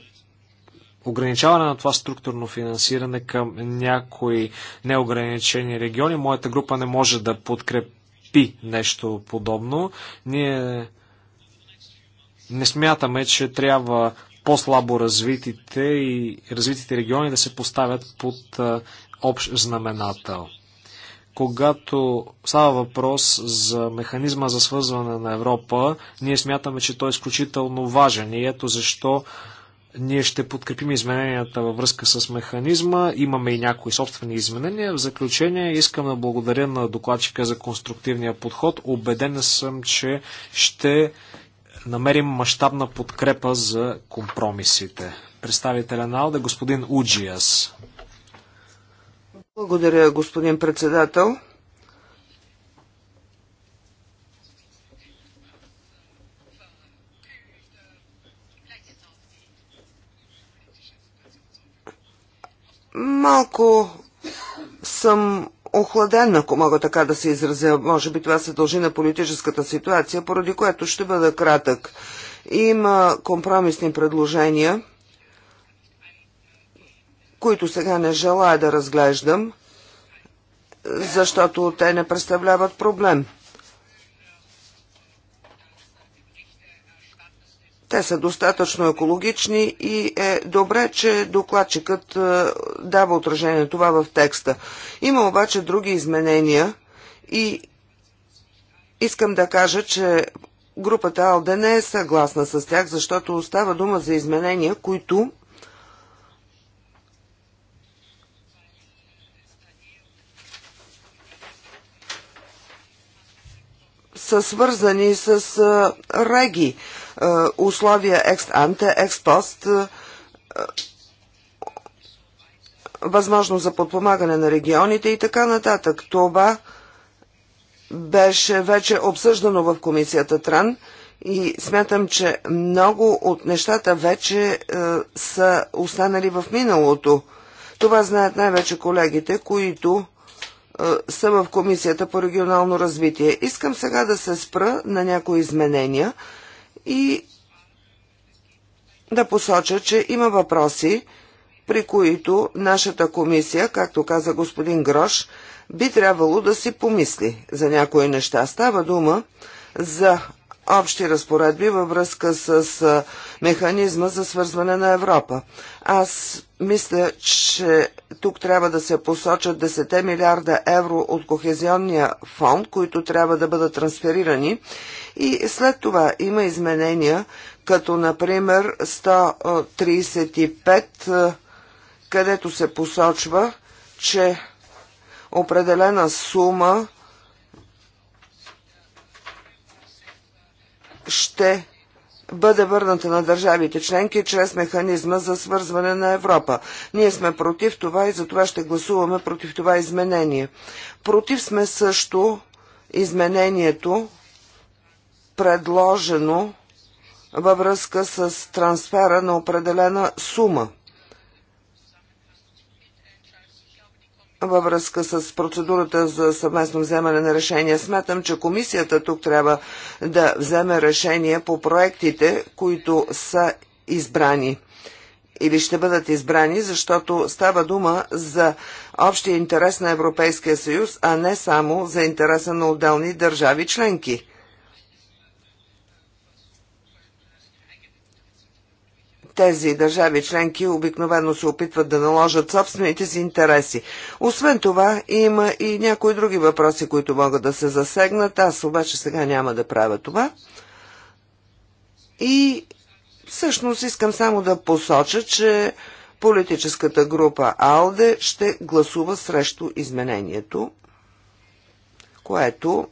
ограничаване на това структурно финансиране към някои неограничени региони. Моята група не може да подкрепи нещо подобно. Ние не смятаме, че трябва по-слабо развитите и развитите региони да се поставят под общ знаменател. Когато става въпрос за механизма за свързване на Европа, ние смятаме, че той е изключително важен и ето защо ние ще подкрепим измененията във връзка с механизма. Имаме и някои собствени изменения. В заключение искам да благодаря на докладчика за конструктивния подход. Обеден съм, че ще намерим мащабна подкрепа за компромисите. Представителя на АЛДА, господин Уджиас. Благодаря, господин председател. Малко съм охладен, ако мога така да се изразя. Може би това се дължи на политическата ситуация, поради което ще бъда кратък. Има компромисни предложения, които сега не желая да разглеждам, защото те не представляват проблем. Те са достатъчно екологични и е добре, че докладчикът е, дава отражение на това в текста. Има обаче други изменения и искам да кажа, че групата АЛДЕ не е съгласна с тях, защото остава дума за изменения, които са свързани с реги условия екст-анте, експост, възможност за подпомагане на регионите и така нататък. Това беше вече обсъждано в комисията Тран и смятам, че много от нещата вече са останали в миналото. Това знаят най-вече колегите, които са в Комисията по регионално развитие. Искам сега да се спра на някои изменения и да посоча, че има въпроси, при които нашата комисия, както каза господин Грош, би трябвало да си помисли за някои неща. Става дума за общи разпоредби във връзка с механизма за свързване на Европа. Аз мисля, че тук трябва да се посочат 10 милиарда евро от кохезионния фонд, които трябва да бъдат трансферирани. И след това има изменения, като например 135, където се посочва, че определена сума ще бъде върната на държавите членки чрез механизма за свързване на Европа. Ние сме против това и за това ще гласуваме против това изменение. Против сме също изменението, предложено във връзка с трансфера на определена сума. във връзка с процедурата за съвместно вземане на решения. Смятам, че комисията тук трябва да вземе решение по проектите, които са избрани или ще бъдат избрани, защото става дума за общия интерес на Европейския съюз, а не само за интереса на отделни държави членки. тези държави членки обикновено се опитват да наложат собствените си интереси. Освен това, има и някои други въпроси, които могат да се засегнат. Аз обаче сега няма да правя това. И всъщност искам само да посоча, че политическата група АЛДЕ ще гласува срещу изменението, което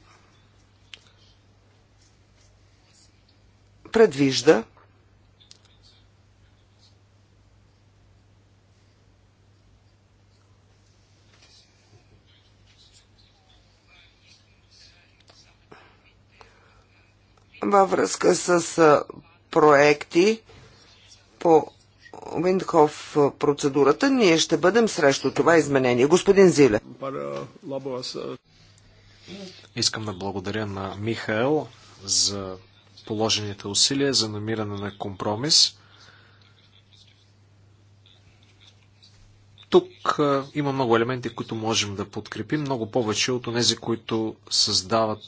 предвижда във връзка с проекти по Виндхоф процедурата, ние ще бъдем срещу това изменение. Господин Зиле. Искам да благодаря на Михаел за положените усилия за намиране на компромис. Тук има много елементи, които можем да подкрепим, много повече от тези, които създават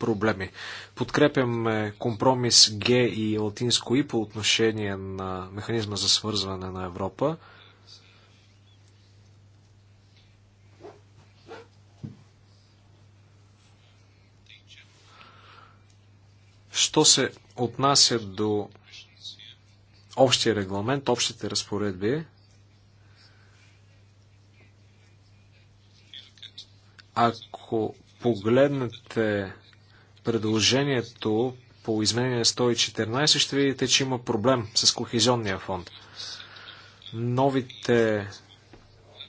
проблеми. Подкрепяме компромис Г и латинско И по отношение на механизма за свързване на Европа. Що се отнася до общия регламент, общите разпоредби, ако погледнете предложението по изменение 114 ще видите, че има проблем с Кохезионния фонд. Новите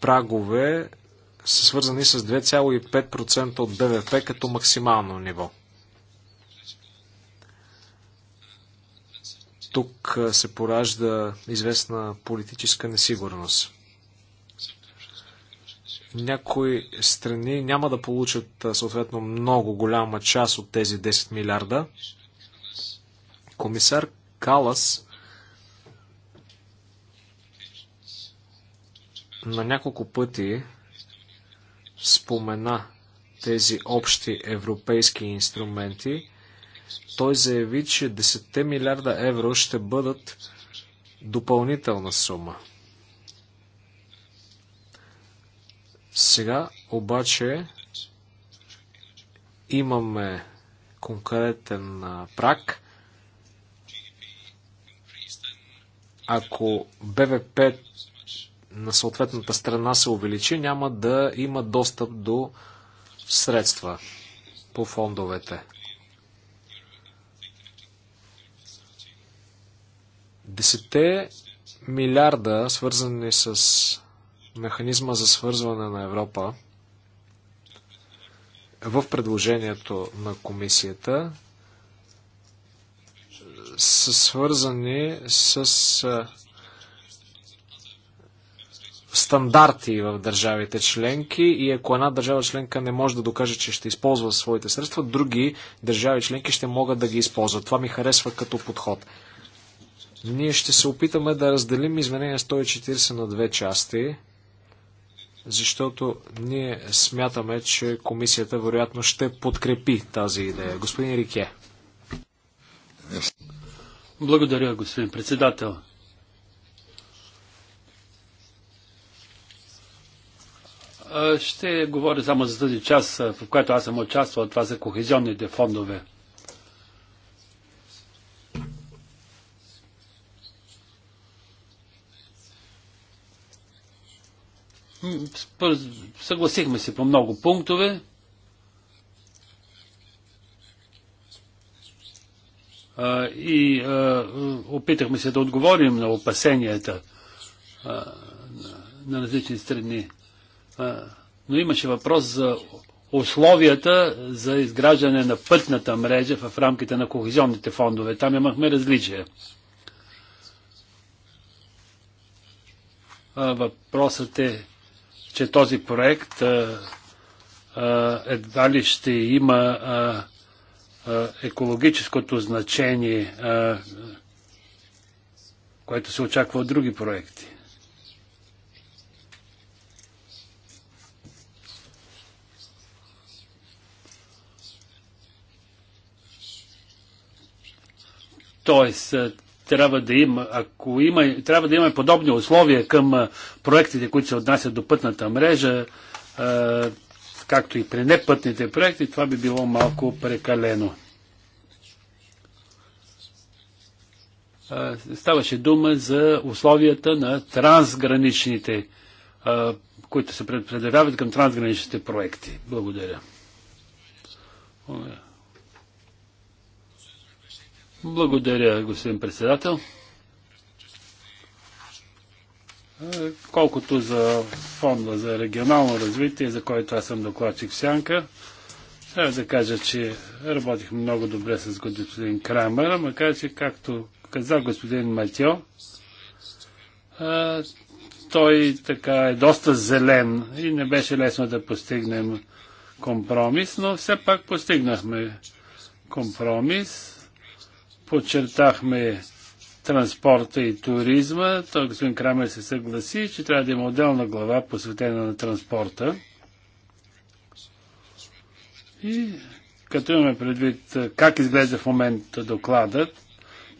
прагове са свързани с 2,5% от БВП като максимално ниво. Тук се поражда известна политическа несигурност. Някои страни няма да получат съответно много голяма част от тези 10 милиарда. Комисар Калас на няколко пъти спомена тези общи европейски инструменти, той заяви, че 10 милиарда евро ще бъдат допълнителна сума Сега обаче имаме конкретен прак. Ако БВП на съответната страна се увеличи, няма да има достъп до средства по фондовете. Десете милиарда, свързани с механизма за свързване на Европа в предложението на комисията са свързани с стандарти в държавите членки и ако една държава членка не може да докаже, че ще използва своите средства, други държави членки ще могат да ги използват. Това ми харесва като подход. Ние ще се опитаме да разделим изменение 140 на две части защото ние смятаме, че комисията вероятно ще подкрепи тази идея. Господин Рике. Благодаря, господин председател. Ще говоря само за тази част, в която аз съм участвал. Това за кохезионните фондове. Съгласихме се по много пунктове. и опитахме се да отговорим на опасенията на различни страни. Но имаше въпрос за условията за изграждане на пътната мрежа в рамките на кохезионните фондове. Там имахме различия. Въпросът е че този проект едва ли ще има екологическото значение, което се очаква от други проекти. Тоест, трябва да има, ако има, трябва да има подобни условия към проектите, които се отнасят до пътната мрежа, както и при непътните проекти, това би било малко прекалено. Ставаше дума за условията на трансграничните, които се предявяват към трансграничните проекти. Благодаря. Благодаря, господин председател. Е, колкото за фонда за регионално развитие, за който аз съм докладчик в Сянка, трябва да кажа, че работих много добре с господин Крамер, макар че, както каза господин Матьо, е, той така е доста зелен и не беше лесно да постигнем компромис, но все пак постигнахме компромис подчертахме транспорта и туризма. Той господин Крамер се съгласи, че трябва да има отделна глава, посветена на транспорта. И като имаме предвид как изглежда в момента докладът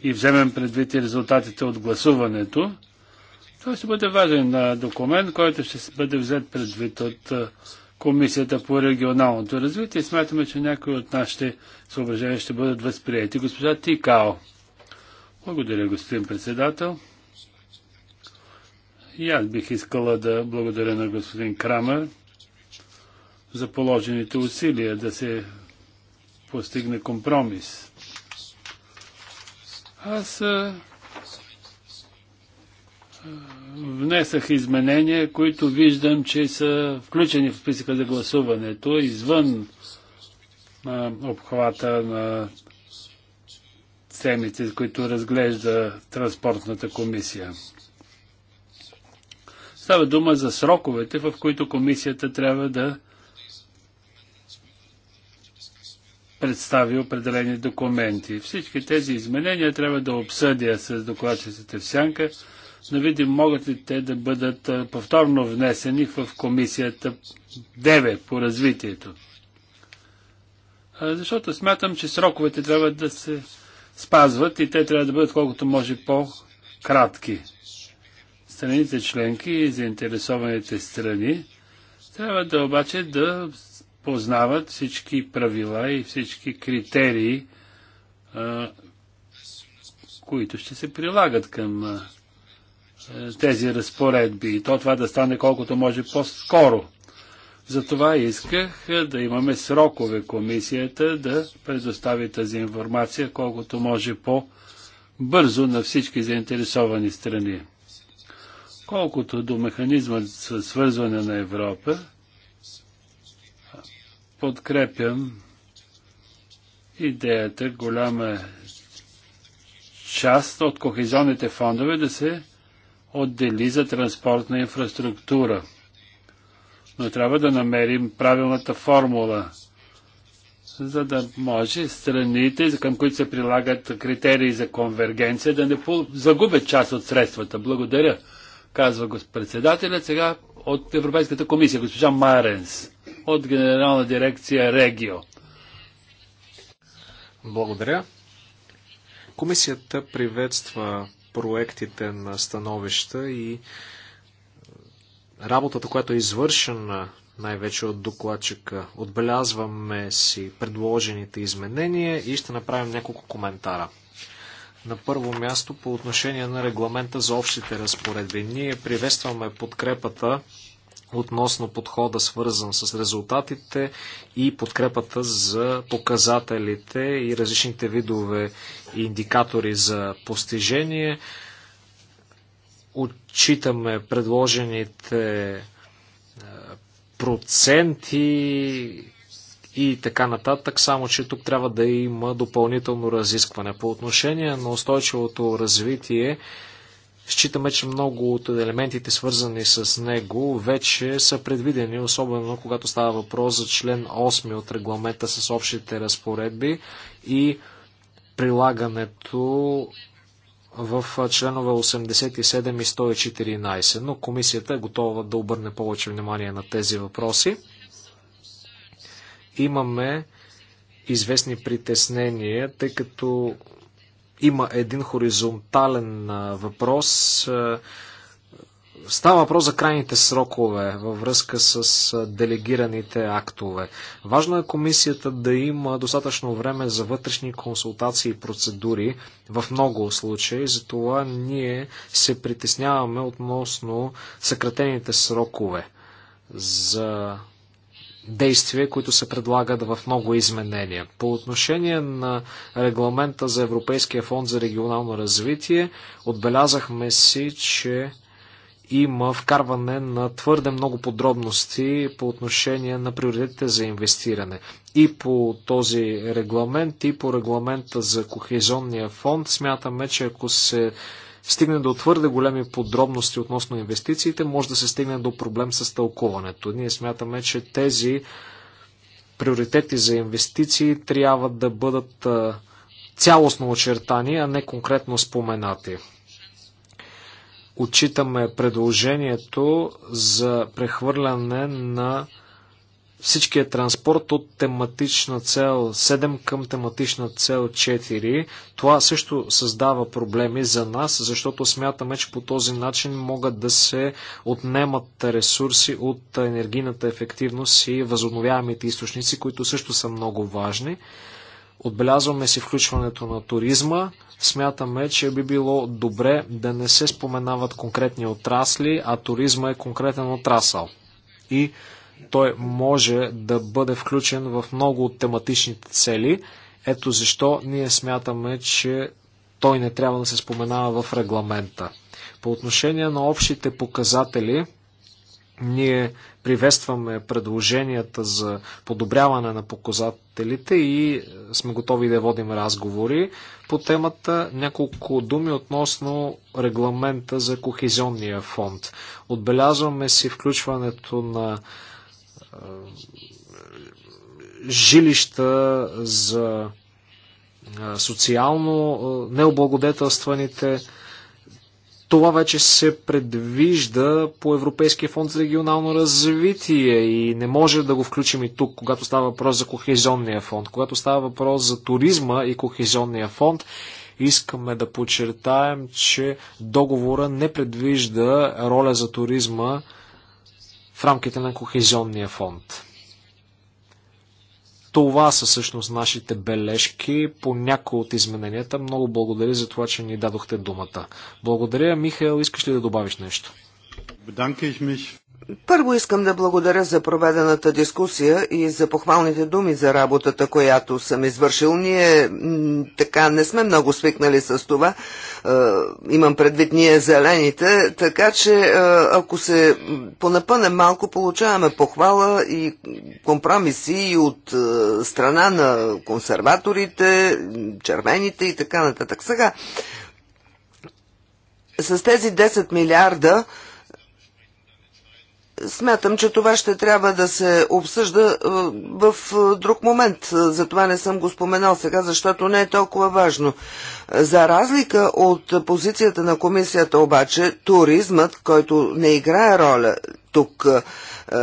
и вземем предвид и резултатите от гласуването, той ще бъде важен документ, който ще бъде взет предвид от Комисията по регионалното развитие. Смятаме, че някои от нашите съображения ще бъдат възприяти. Госпожа Тикао. Благодаря, господин председател. И аз бих искала да благодаря на господин Крамер за положените усилия да се постигне компромис. Аз внесах изменения, които виждам, че са включени в списъка за гласуването, извън а, обхвата на темите, които разглежда Транспортната комисия. Става дума за сроковете, в които комисията трябва да представи определени документи. Всички тези изменения трябва да обсъдя с докладчиците в сянка, да видим могат ли те да бъдат повторно внесени в комисията 9 по развитието. Защото смятам, че сроковете трябва да се спазват и те трябва да бъдат колкото може по-кратки. Страните членки и заинтересованите страни трябва да обаче да познават всички правила и всички критерии, които ще се прилагат към е, тези разпоредби и то това да стане колкото може по-скоро. Затова исках е, да имаме срокове комисията да предостави тази информация колкото може по-бързо на всички заинтересовани страни. Колкото до механизма за свързване на Европа, подкрепям идеята голяма част от кохезионните фондове да се отдели за транспортна инфраструктура. Но трябва да намерим правилната формула, за да може страните, към които се прилагат критерии за конвергенция, да не загубят част от средствата. Благодаря, казва председателя. Сега от Европейската комисия, госпожа Маренс, от Генерална дирекция Регио. Благодаря. Комисията приветства проектите на становища и е, работата, която е извършена най-вече от докладчика. Отбелязваме си предложените изменения и ще направим няколко коментара. На първо място по отношение на регламента за общите разпоредби. Ние приветстваме подкрепата относно подхода свързан с резултатите и подкрепата за показателите и различните видове индикатори за постижение. Отчитаме предложените проценти и така нататък, само че тук трябва да има допълнително разискване. По отношение на устойчивото развитие, Считаме, че много от елементите, свързани с него, вече са предвидени, особено когато става въпрос за член 8 от регламента с общите разпоредби и прилагането в членове 87 и 114, но комисията е готова да обърне повече внимание на тези въпроси. Имаме известни притеснения, тъй като има един хоризонтален въпрос. Става въпрос за крайните срокове във връзка с делегираните актове. Важно е комисията да има достатъчно време за вътрешни консултации и процедури в много случаи, затова ние се притесняваме относно съкратените срокове за действия, които се предлагат в много изменения. По отношение на регламента за Европейския фонд за регионално развитие, отбелязахме си, че има вкарване на твърде много подробности по отношение на приоритетите за инвестиране. И по този регламент, и по регламента за Кохезонния фонд смятаме, че ако се стигне до твърде големи подробности относно инвестициите, може да се стигне до проблем с тълкуването. Ние смятаме, че тези приоритети за инвестиции трябва да бъдат цялостно очертани, а не конкретно споменати. Отчитаме предложението за прехвърляне на Всичкият е транспорт от тематична цел 7 към тематична цел 4. Това също създава проблеми за нас, защото смятаме, че по този начин могат да се отнемат ресурси от енергийната ефективност и възобновяемите източници, които също са много важни. Отбелязваме си включването на туризма. Смятаме, че би било добре да не се споменават конкретни отрасли, а туризма е конкретен отрасъл. И той може да бъде включен в много от тематичните цели. Ето защо ние смятаме, че той не трябва да се споменава в регламента. По отношение на общите показатели, ние приветстваме предложенията за подобряване на показателите и сме готови да водим разговори по темата. Няколко думи относно регламента за Кохезионния фонд. Отбелязваме си включването на жилища за социално необлагодетелстваните. Това вече се предвижда по Европейския фонд за регионално развитие и не може да го включим и тук, когато става въпрос за Кохезионния фонд. Когато става въпрос за туризма и Кохезионния фонд, искаме да подчертаем, че договора не предвижда роля за туризма в рамките на Кохезионния фонд. Това са всъщност нашите бележки по някои от измененията. Много благодаря за това, че ни дадохте думата. Благодаря, Михаил. Искаш ли да добавиш нещо? Първо искам да благодаря за проведената дискусия и за похвалните думи за работата, която съм извършил. Ние така не сме много свикнали с това. Е, имам предвид ние зелените, така че е, ако се понапънем малко, получаваме похвала и компромиси и от е, страна на консерваторите, червените и така нататък. Сега, с тези 10 милиарда, е, Смятам, че това ще трябва да се обсъжда е, в е, друг момент. Затова не съм го споменал сега, защото не е толкова важно. За разлика от позицията на комисията обаче, туризмът, който не играе роля тук, е,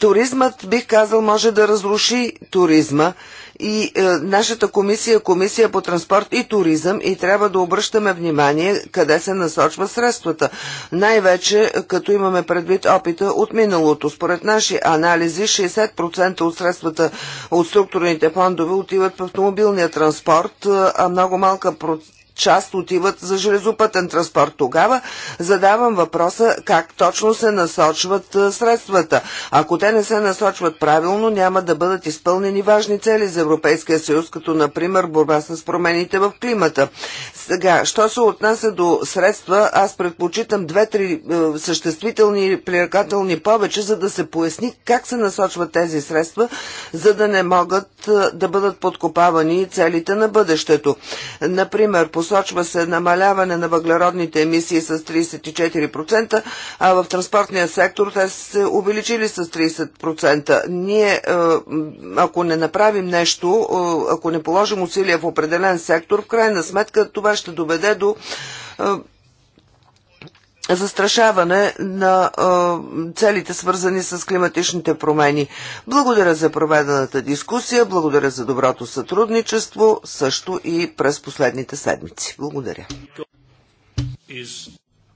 туризмът, бих казал, може да разруши туризма и е, нашата комисия, комисия по транспорт и туризъм и трябва да обръщаме внимание къде се насочва средствата. Най-вече е, като имаме предвид опита от миналото. Според наши анализи 60% от средствата от структурните фондове отиват в автомобилния транспорт, е, а много малка процент част отиват за железопътен транспорт. Тогава задавам въпроса как точно се насочват средствата. Ако те не се насочват правилно, няма да бъдат изпълнени важни цели за Европейския съюз, като например борба с промените в климата. Сега, що се отнася до средства, аз предпочитам две-три съществителни прилагателни повече, за да се поясни как се насочват тези средства, за да не могат да бъдат подкопавани целите на бъдещето. Например, по посочва се намаляване на въглеродните емисии с 34%, а в транспортния сектор те са се увеличили с 30%. Ние, е, ако не направим нещо, е, ако не положим усилия в определен сектор, в крайна сметка това ще доведе до е, застрашаване на а, целите, свързани с климатичните промени. Благодаря за проведената дискусия, благодаря за доброто сътрудничество, също и през последните седмици. Благодаря.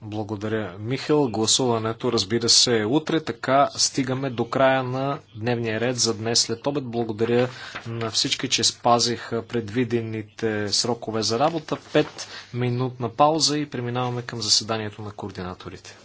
Благодаря, Михил. Гласуването, разбира се, е утре. Така стигаме до края на дневния ред за днес след обед. Благодаря на всички, че спазиха предвидените срокове за работа. Пет минутна пауза и преминаваме към заседанието на координаторите.